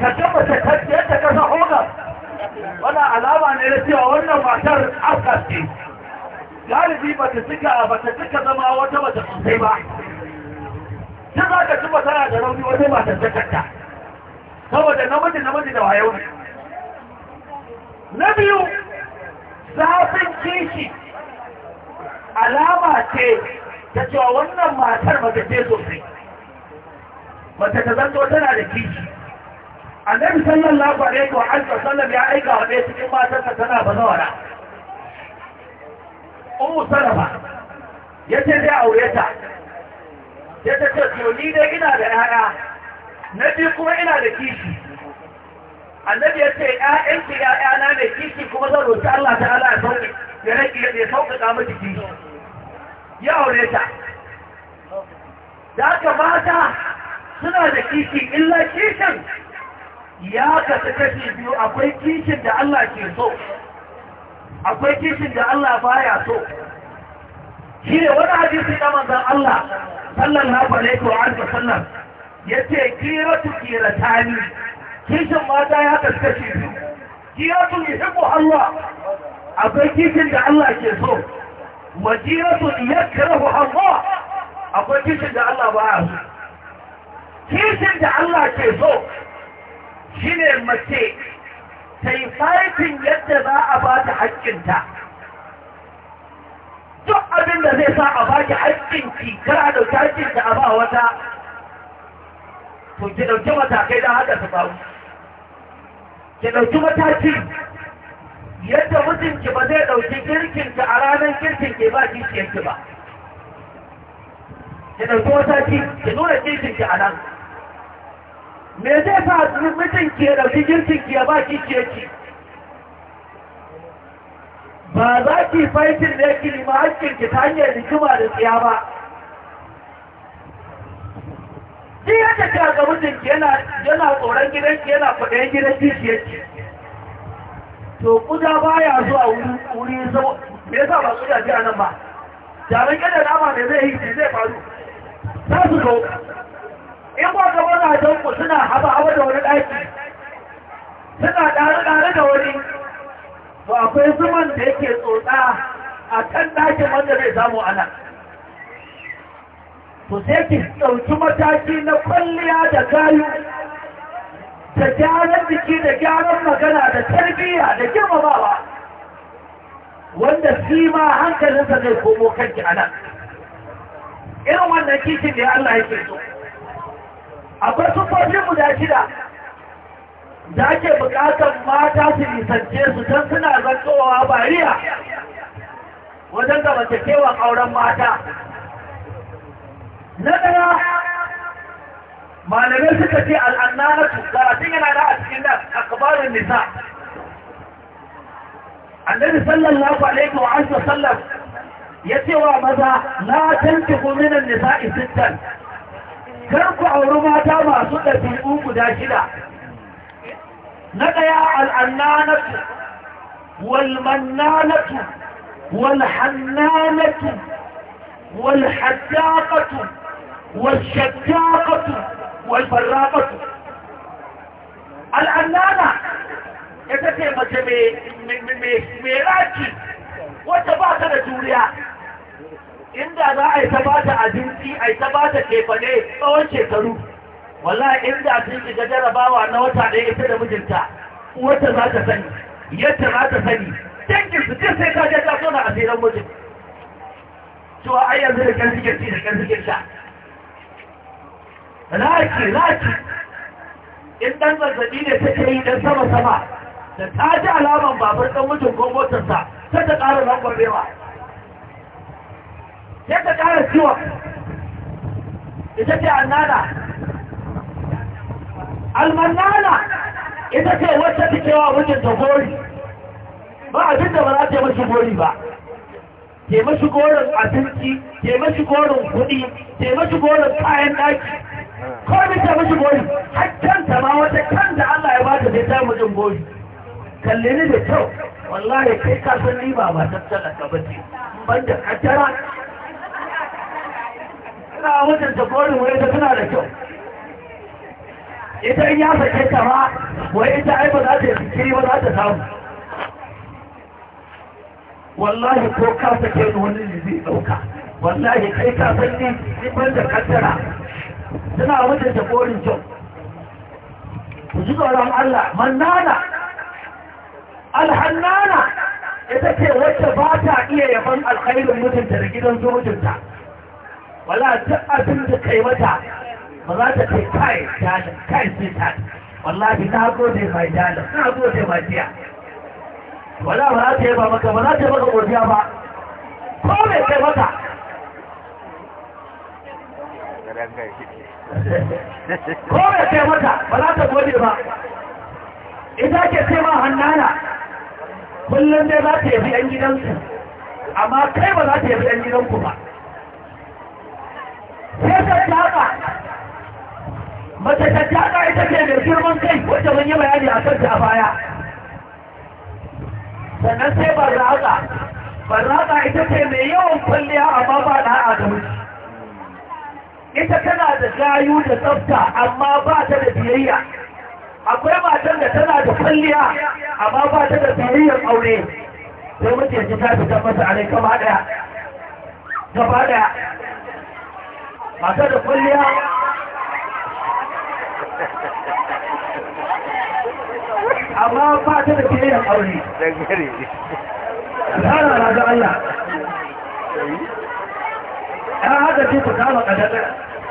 B: ka gaba mace kasu yadda kasa hogar
C: wani alama ne na cewa
B: wannan matar afkas galibi ba ta cika ba ta cika zama wata mace sosai ba ta za ka ci masara da rauni wata ba ta sakarta saboda namiji namiji da wayo ne na biyu zafin kishi alama ce ta cewa wannan matar mace sosai mace ta zanto tana da kishi A annabi sallallahu alaihi ko hajji wasallam ya aika wa ɗaya cikin matarsa tana bazawara ummu salama ce zai aure ta ya ta ce to ni dai ina da 'ya'ya na biyu kuma ina da kishi annabi ya ce ƴaƴan ki ƴaƴana ne kishi kuma zan roki Allah ta ya sauke ya rage ya sauƙaƙa miki ya aure ta da ka mata suna da kishi illa kishin ya ta kashi biyu akwai kishin da Allah ke so akwai kishin da Allah baya so shi ne wani hadisi na manzan Allah sallallahu alaihi wa sallam yace kiratu kiratani kishin mata ya kaskace su jiyatun yuhibbu Allah akwai kishin da Allah ke so wa jiyatun yakrahu Allah akwai kishin da Allah ba so kishin da Allah ke so shine mace ta yi faifin yadda za a ba ta haƙƙinta duk abin da zai sa a ba ki haƙƙinki kar a ɗauki haƙƙinta a ba wata to ki ɗauki matakai don haka ta samu ki ɗauki mataki yadda mijinki ba zai ɗauki girkinka a ranar ke ba kishiyarki ba ki ɗauki mataki ki nuna girkinki a nan me zai fa mijinki ya ɗauki girkinki ya ba kishiyarki ba za ki faitin da ya yake ma hankinki ta hanyar hikima da tsiya ba shi yadda ka ga mutum yana tsoron gidan gidanki yana kwaɗayen gidanki shi yake to kuda ba ya zuwa wuri zama me yasa ba kuda ji a nan ba jarin kada nama ne zai yi zai faru za su zo in ba ka wani ku suna haba haba da wani ɗaki suna ɗare-ɗare da wani to akwai zuman da yake tsotsa a kan ɗakin wanda zai samu a to sai ki ɗauki mataki na kwalliya da gayu da gyaran jiki da gyaran magana da tarbiyya da girmamawa wanda shi ma hankalinsa zai komo kanki a nan irin wannan kishin ne Allah yake so akwai sufofin guda shida da ake bukatar mata su nisance su don suna zantowa bariya wajen gaba auren mata na daya malamai suka ce al'annanatu karatun yana da a cikin nan akabarin nisa annabi sallallahu alaihi wa sallam ya ce wa maza na tanki kuminan nisa'i sittan kar ku auri mata masu ɗabi'u guda shida na ɗaya al'annanatu walmannanatu walhannanatu walhaddaqatu والشجاقة والفراقة العنانة يتكي مجمي ميراجي وتبات لجوليا inda za a yi ta ba ta abinci a yi ta ba ta kefane tsawon shekaru wallahi inda sun shiga jarabawa na wata ɗaya ita da mijinta wata za ta sani yadda za ta sani dangin su ce sai ka je ka so na asirin mijin cewa ai yanzu da kan suke da kan suke sha laki laki in dan zazzabi ne take yi dan sama sama da ta ji alaman babur dan mutum ko motarsa ta ta ƙara langwabewa sai ta ƙara ciwon ita ce annana almannana ita ce wacce take wa mijinta gori ba abin da ba za ta yi mashi gori ba ke mashi gorin abinci ke mashi gorin kuɗi ke mashi gorin kayan ɗaki ko ni ta mishi boyi hakkan ta ma wata kan da Allah ya bata ta ta mijin boyi kalle ni da kyau wallahi kai ka san ni ba ba tattala ka bace ban da kaddara ina wajen ta goyi wai ta tana da kyau ita in ya sake ta ma wai ita ai ba za ta yi kiri ba za ta samu wallahi ko ka sake ni wani zai dauka wallahi kai ka san ni ban da kaddara suna da korin kyau ku ji tsoron Allah mannana alhannana ita ce wacce ba ta iya yaban alkhairin mutunta da gidan zojinta wala duk abin da kai mata ba za ta ce kai dalin kai ce ta wallahi na gode mai dalin na gode mai jiya wala ba za ta yaba maka ba za ta yi ga godiya ba
C: ko mai kai maka ko ya ce mata ba za ta gode ba ita ke ce ma hannana
B: kullum dai za ta yabi 'yan gidansu amma kai ba za ta yabi 'yan gidanku ba sai ta taka
C: mace ta taka ita ce mai
B: girman kai wacce mun yi bayani a kanta a baya sannan sai ba za ba za ita ce mai yawan kwalliya amma ba da'a da wuce ita tana da gayu da tsafta amma ba ta da biyayya akwai matan da tana da kwalliya amma ba ta da biyayyar aure sai mutum ji ta fitar masa a rai kama daya gaba daya mata da kwalliya
C: amma ba ta da biyayyar aure
B: tsara na ga Allah ya haka ce ku kama kadadar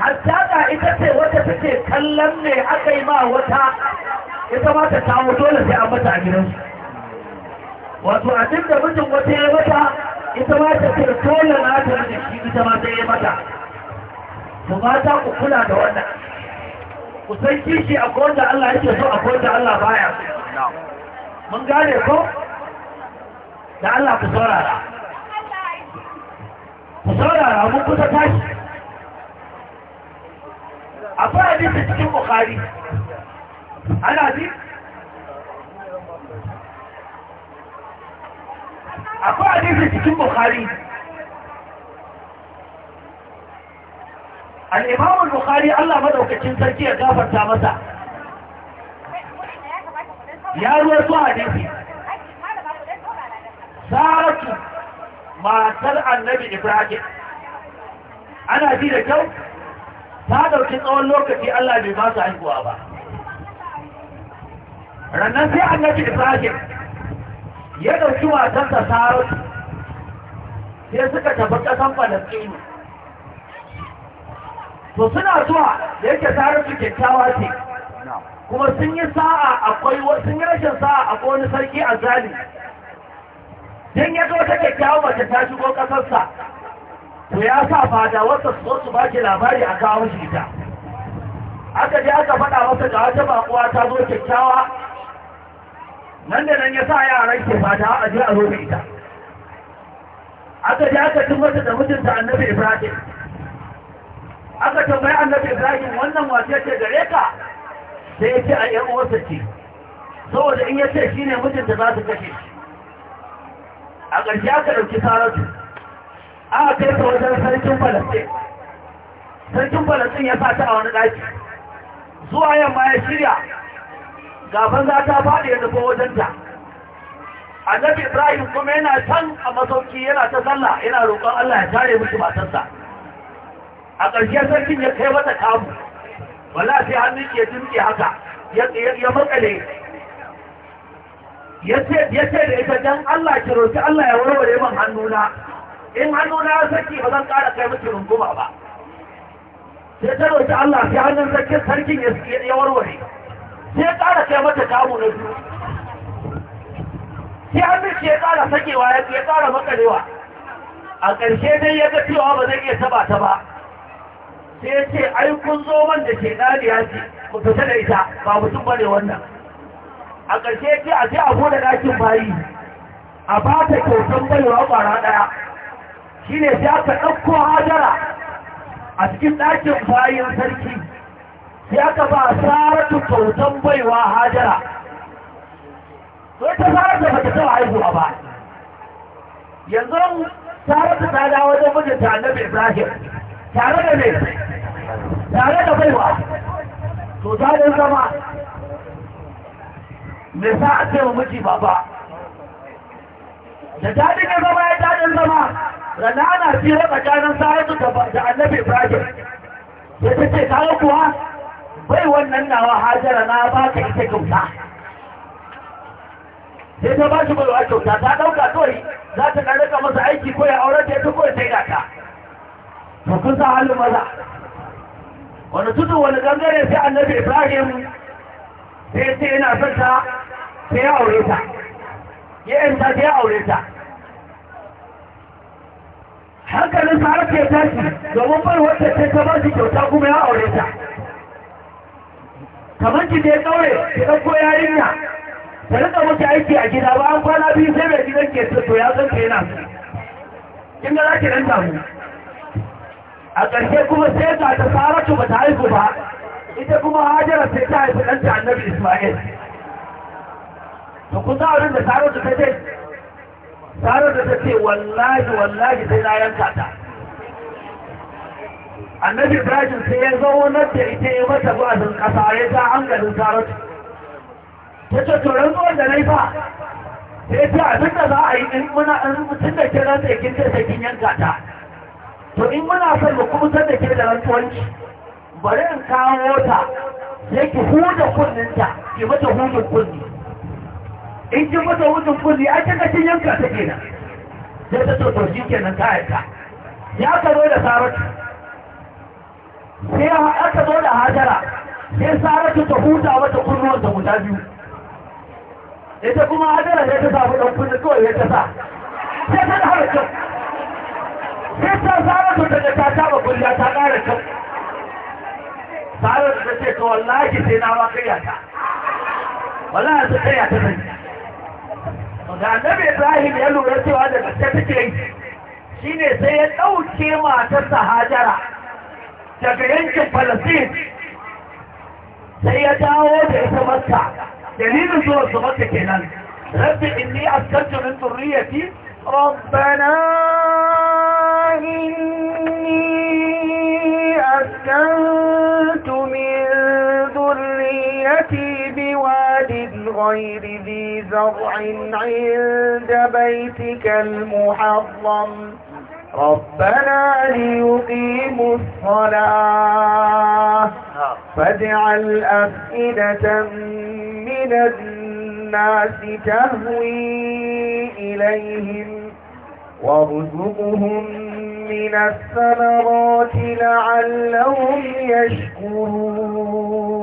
B: hattaka ita ce wata take kallon ne aka yi ma wata ita ma ta kawo dole sai an mata a gidansu wato abin da mutum wata ya mata ita ma ta ce dole na ta mijin shi ita ma sai ya mata to mata ku kula da wannan ku san kishi a wanda Allah yake so a wanda Allah baya mun gane ko da Allah ku saurara ku saurara mun kusa tashi akwai hadisi cikin bukari ana hadisi akwai hadisi cikin bukari al'imamun bukari allah madaukakin sarki ya gafarta masa ya ruwa su hadisi saratu matar annabi ibrahim ana ji da kyau ta dauki tsawon lokaci Allah bai ba su haihuwa ba rannan sai an yaki Ibrahim ya dauki ta Sarar sai suka tafi kasan Falastinu to suna zuwa da yake tare su kyakkyawa ce kuma sun yi sa'a akwai sun yi rashin sa'a a wani sarki a zali Don ya zo ta kyakkyawa mace ta shigo ƙasarsa. Ku ya sa fada wata su ba ki labari a kawo shi ta aka je aka faɗa masa ga wata bakuwa ta zo kyakkyawa nan da nan ya sa yaran ke fada a ji a zo ita aka je aka cin wata da mutunta annabi ibrahim aka tambayi annabi ibrahim wannan wace ce gare ka sai ya ce a yan uwarsa ce saboda in ya ce shine mutunta za su kashe shi a ƙarshe aka ɗauki saratu aka kai ta wajen sarkin falastin sarkin falastin ya sa ta a wani ɗaki zuwa yamma ya shirya gaban za ta faɗi ya nufa wajenta annabi ibrahim kuma yana can a masauki yana ta sallah yana roƙon allah ya tare musu matarsa a ƙarshe sarkin ya kai mata kamu wala sai hannun ke dinke haka ya makale ya ce da ita don allah ki roƙi allah ya warware min hannuna in hannu na sarki ba zan ƙara kai miki runguma ba sai ta roƙi Allah sai hannun sarkin sarkin ya warware sai ya ƙara kai mata kamu na biyu sai hannun shi ya ƙara sakewa ya ƙara makarewa a ƙarshe dai ya ga cewa ba zai iya taba ta ba sai ya ce ai kun zo man da ke ɗaliya ce ku fita da ita ba mutum bane wannan a ƙarshe ya ce a ce a bude ɗakin bayi a ba ta kyautan baiwa ƙwara ɗaya shi ne sai aka ɗauko hajara a cikin ɗakin bayan sarki sai aka ba saratu kyautan baiwa hajara sai ta saratu ba ta taɓa haihuwa ba yanzu saratu ta dawo wajen ta annabi ibrahim tare da ne tare da baiwa to ta zama me sa a ce wa ba. baba da daɗin ya zama ya daɗin zama rana ana fira tsakanin sa'adu da annabi ibrahim ya ta ce kawo kuwa bai wannan nawa hajara na ba ka ita kyauta sai ta ba shi baiwa kyauta ta ɗauka kawai za ta ɗan rika masa aiki ko ya auren da ya ta kawai sai ta to kun sa halin maza wani tudu wani gangare sai annabi ibrahim sai ya ce yana son ta sai ya aure ta ya yan ta ya aure ta hankalin sa ya tashi domin bai wata ta ta ba su kyauta kuma ya aure ta kamar ki ne kauye ki ɗauko ya, ta rika miki aiki a gida ba an kwana biyu sai mai gidan ke to ya zan ke yana kin ga za ki nan damu a ƙarshe kuma sai ta ta saratu ba ta haihu ba ita kuma hajjara sai ta haifi ɗanta annabi ismail to kusa abin da taro da ta ce taro da ta ce wallahi wallahi sai na yanka ta annabi ibrahim sai ya zaunar ta ita ya mata ba'azin kasa ya ta hankalin taro ta ce to rantsuwar da na yi fa sai ce abin da za a yi in muna in mutum da ke rantsa kin ce sai kin yanka ta to in muna son mu kubutar da ke da rantsuwanci bari in kawo ta sai ki huda kunninta ki mata hudun kunni in ji mata wucin kulli a kika cin yanka ta kenan sai ta to shi ke nan aika ya ka zo da saratu sai ka zo da hajara sai saratu ta huta wata kunnuwan ta guda biyu ita kuma hajara sai ta samu ɗan kunni kawai ya ta sa sai ta da kyau. sai ta saratu ta ta taba kulli ta ƙara kyau saratu ta ce ka wallahi sai na ma karya ta wallahi ta karya ta
C: sanya da annabi ibrahim ya
B: lura cewa da gaske take shi ne sai ya ɗauke matarsa hajara daga yankin falasin sai ya dawo da ita makka dalilin zuwa su makka kenan rabbi inni askantu min zurriyati
A: ربنا إني أسكنت من ذريتي بواد غير ذي زرع عند بيتك المحرم ربنا ليقيموا الصلاة فاجعل أفئدة من الناس تهوي إليهم وارزقهم من الثمرات لعلهم يشكرون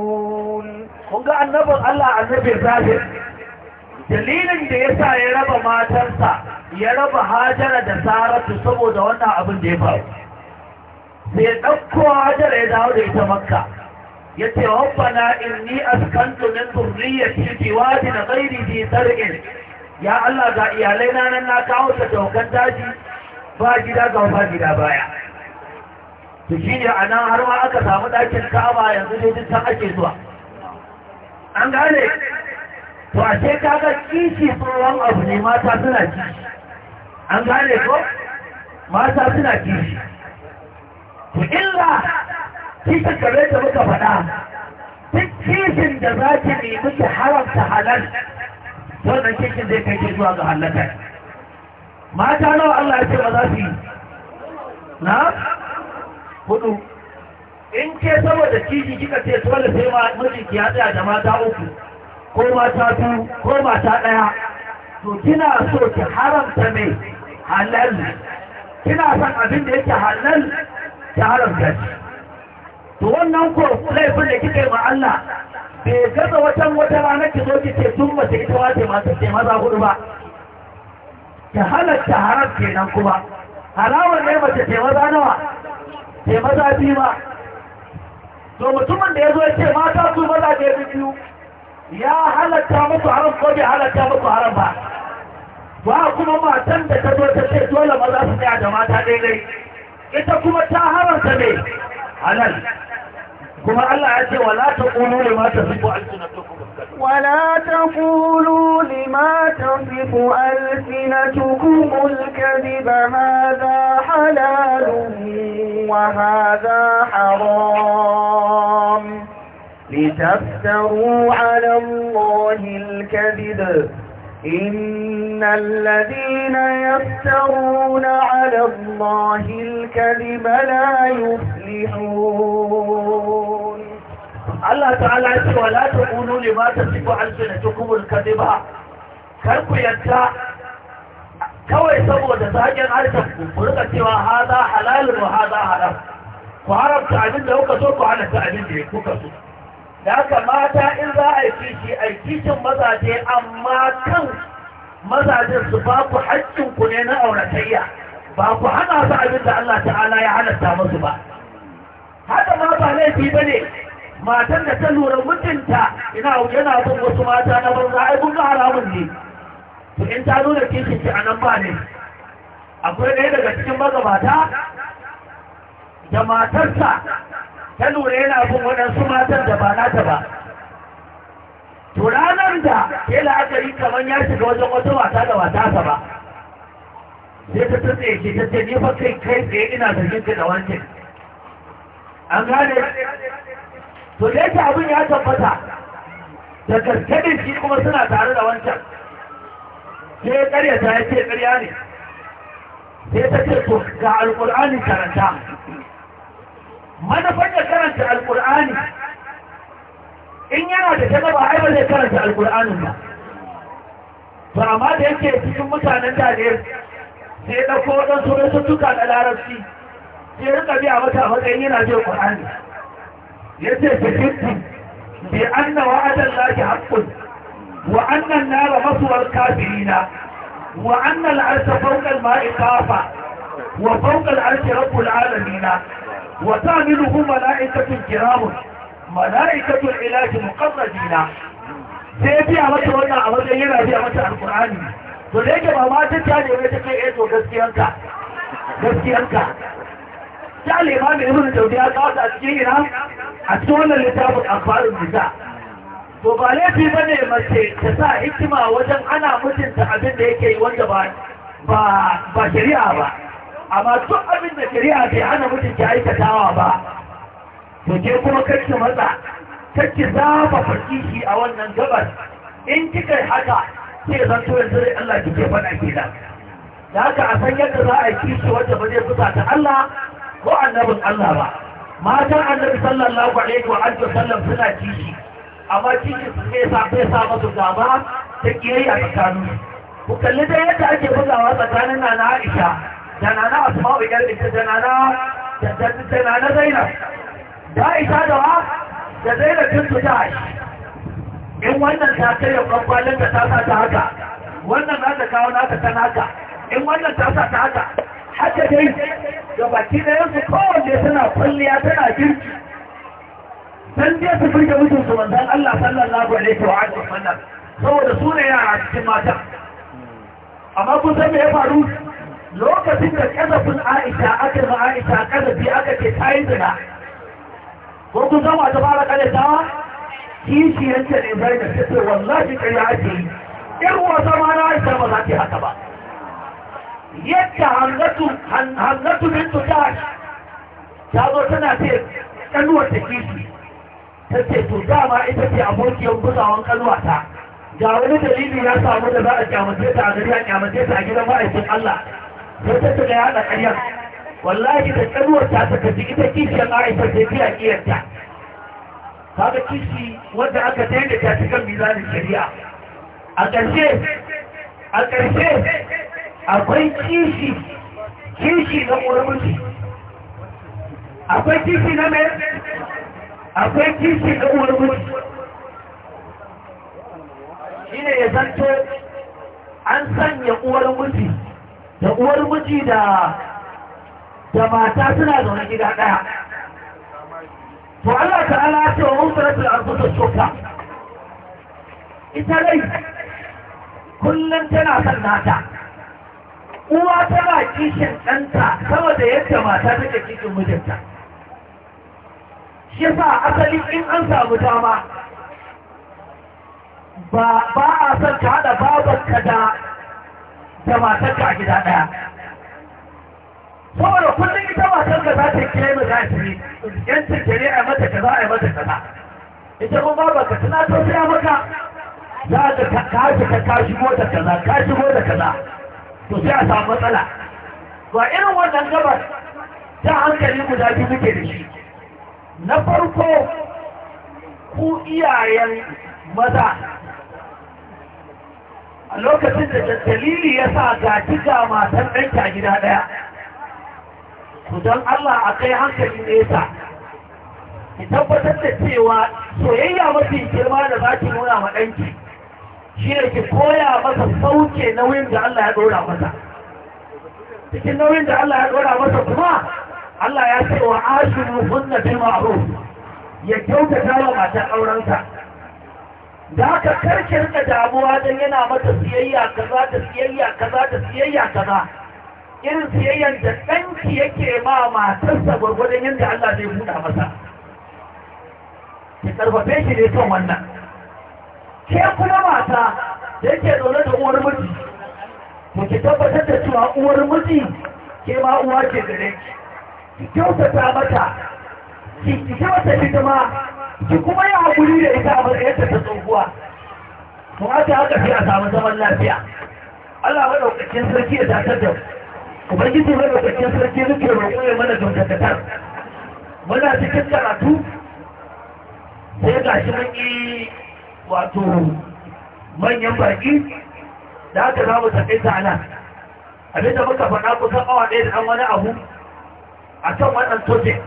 A: kunga annabin Allah annabi zahir
B: dalilin da ya sa ya raba matarsa ya raba hajara da saratu saboda wannan abin da ya faru sai ɗauko hajara ya dawo da ita makka ya ce rabbana inni askantu min dhurriyyati bi wadin ghairi ya Allah ga iyalai na nan na kawo ta daukan daji ba gida ga ba gida baya to shi ne a nan har ma aka samu ɗakin ka'aba yanzu dai duk san ake zuwa an gane to a ce kaga kishi tsohon abu ne mata suna kishi an gane ko mata suna kishi to illa kishin kare ta muka faɗa duk kishin da za ki nemi ki haramta halal wannan kekin zai kai ke zuwa ga halatta mata nawa Allah ya ce ba za su yi na hudu in ce saboda kiji kika ce dole sai ma mutum ya tsaya da mata uku ko mata biyu ko mata ɗaya to kina so ki haramta mai halal kina son abin da yake halal ki haramta to wannan ko laifin da kike ma Allah bai gaza watan wata rana ki zo ki ce sun mace ita wace masu ce maza hudu ba ta halatta haram kenan kuma halawar ne mace ce maza nawa ce maza biyu ba to mutumin da ya zo ya ce mata su maza ne biyu ya halatta muku haram ko bai halatta muku haram ba ba kuma matan da ta zo ta ce dole maza su tsaya da mata daidai ita kuma ta haramta ne halal kuma Allah ya
A: ولا تقولوا لما تصف ألسنتكم الكذب هذا حلال وهذا حرام لتفتروا على الله الكذب إن الذين يفترون على الله الكذب لا يفلحون الله تعالى
B: يقول لا تقولوا لما تسيب عن سنتكم الكذبة كيف يتا كوي سبو تساجي عارتك فرقة سوى هذا حلال وهذا حرام فعرف تعبين لو كسوك على تعبين لكو كسوك da haka mata in za a yi kishi a kishin mazaje amma kan mazajen su ba ku ku ne na auratayya ba ku hana su abin da Allah ta'ala ya halatta musu ba haka ma ba laifi ba ne matan da ta lura mutunta ina yana bin wasu mata na banza ai kun haramun ne to in ta nuna kishin ki anan ba ne akwai ɗaya daga cikin magabata da matarsa ta lura yana bin waɗansu matan da ba nata ba to ranar da ke la'akari kamar ya shiga wajen wata wata da wata ta ba sai ta tsaye ke ta ce ni fa kai kai tsaye ina da ka da wancan an gane to da yake abin ya tabbata da gaske shi kuma suna tare da wancan sai ƙarya ta ya ce ƙarya ne sai ta ce to ga alƙur'ani karanta manufar da karanta alkur'ani in yana da ta gaba ai ba zai karanta alkur'anin ba to amma da yake cikin mutanen da ne sai ɗauko waɗansu wasu tuka na larabci sai rika biya mata a matsayin yana jin qur'ani ya ce ta kinti bi anna wa'adan lahi haqqun wa anna an-nara masuwar kafirina wa anna al-arsa fawqa al-ma'i qafa wa fawqa al-arshi rabbul alamin وتعمله ملائكة كرام ملائكة العلاج مقربين sai biya mata wannan a wajen yana biya mata alkur'ani to da yake ba ma ta tare ne ta kai eto gaskiyanka gaskiyanka ta lema mai daudi ya kawo a cikin ina a cikin wannan littafin akbarun nisa ba laifi ba ne mace ta sa hikima wajen ana mutunta abin da yake yi wanda ba shari'a ba amma duk abin da shari'a bai hana mutum ki aikatawa ba to ke kuma kacce matsa kacce zaba shi a wannan gabas in kika haka sai zan to yanzu dai Allah kike fada ke da da haka a san yadda za a yi kishi wanda ba zai fusa ta Allah ko annabin Allah ba matan annabi sallallahu alaihi wa alihi suna kishi amma kishi su ne sa sai sa musu gaba ta kiyaye a tsakanin ku kalli da yadda ake bugawa tsakanin na Aisha جنانا أسماء جنانا جنانا زينب عائشة دعا da wa? Da zaira kinsu ta shi in wannan ta karya kwakwalin da ta sa ta haka wannan za ta kawo nata ta naka in wannan ta sa ta haka haka dai da baki da yanzu kowanne suna kwalliya tana girki san je su furge mutum su manzan Allah sallallahu alaihi wa alihi wa sallam saboda su ne yara cikin mata amma kun san me ya faru lokacin da kazafin aisha aka ma aisha kazafi aka ce ta yi zina ko kun zama ta fara kalitawa kishi yanke ne bai da tafi wallahi karya ake yi irin wata ma na aisha ba za ta haka ba yadda hangatu bintu dash ta zo tana ce kanuwar ta kishi ta ce to dama ita ce abokiyar gudawan kanuwa ta ga wani dalili ya samu da za a kyamace ta a gari a kyamace ta a gidan ma'aikin Allah sai ta tuna ya da ƙaryar wallahi da ƙaruwar ta ta kaji ita kishiyar ma'aikar ta biya ƙiyarta kaga kishi wanda aka daina ta cikin mizanin shari'a a ƙarshe a ƙarshe akwai kishi kishi na ƙoramunci akwai kishi na mai akwai kishi na ƙoramunci shi ne ya zanto an sanya uwar miji da uwar miji da da mata suna zaune gida ɗaya to Allah ta'ala ala ce wa mutaratul arzuta shuka ita dai kullum tana son nata uwa tana kishin ɗanta sama da yadda mata take kishin mijinta shi sa asali in an samu dama ba a son ka haɗa babanka da da matarka a gida ɗaya saboda kullum ita matarka za ta kira mu za ta yi yancin ta ne a mata kaza a mata kaza ita kuma ba ka ta sai maka za ka kashi ka kashi mota kaza kashi mota kaza to sai a samu matsala ba irin wannan gabas ta hankali guda biyu muke da shi na farko ku iyayen maza a lokacin da dalili ya sa ga matan ɗanki a gida ɗaya ku don Allah a kai hankali nesa ki tabbatar da cewa soyayya mafi girma da zaki ki nuna ma ɗanki shi ne ki koya masa sauke nauyin da Allah ya ɗora masa cikin nauyin da Allah ya ɗora masa kuma Allah ya ce wa ashiru hunna bi ma'ruf ya kyautata wa matan aurensa da ka karki rika damuwa don yana mata siyayya kaza da siyayya kaza da siyayya kaza irin siyayyan da ɗanki yake ma matarsa gwargwadon yadda Allah zai buɗa masa ki ƙarfafe shi ne son wannan ke kuma mata da yake zaune da uwar miji to ki tabbatar da cewa uwar miji ke ma uwa ke gare ki ki kyautata mata ki kyautata hidima ki kuma yi hakuri da ita a matsayinta ta tsohuwa kuma ta haka sai a samu zaman lafiya Allah daukakin sarki ya dakar da Ubangiji daukakin sarki nuke roƙo ya mana dangantakar muna cikin karatu sai ga shi mun yi wato manyan baki da haka za mu tafi ta nan abinda muka faɗa kusan awa ɗaya da ɗan wani abu a kan wannan topic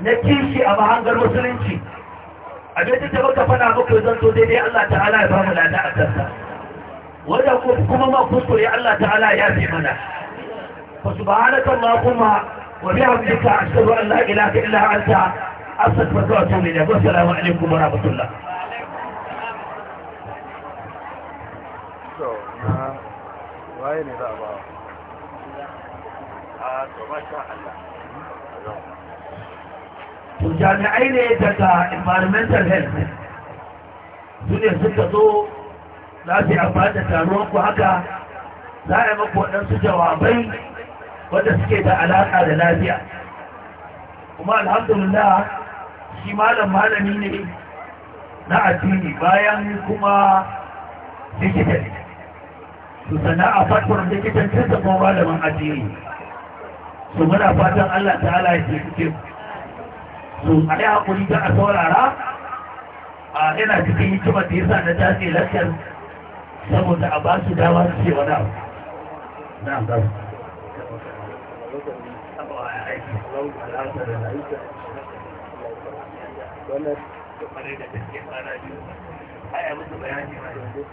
B: na kishi a mahangar musulunci abin da muka fada muku zan so dai Allah ta'ala ya ba mu lada a kansa wanda kuma ma kuskure Allah ta'ala ya fi mana fa subhanaka allahumma wa bihamdika ashhadu an la ilaha illa anta astaghfiruka wa atubu ilayk wa assalamu alaikum wa rahmatullah
C: waye ne za a ba a to masha Allah to jami'ai ne daga environmental health
B: su ne suka zo za su yi amfani da taruwan ku haka za a yi maku waɗansu jawabai wanda suke da alaƙa da lafiya kuma alhamdulillah shi malam malami ne na addini bayan kuma likita ne su sana'a fatwar likitan cikin kuma malamin addini su muna fatan allah ta'ala ya ke cikin to a yi haƙuri a saurara a yana cikin hikimar da yasa na tashi lakar saboda a ba su dama su ce wani abu na ba
C: wannan da da fara biyu ai abin da bayani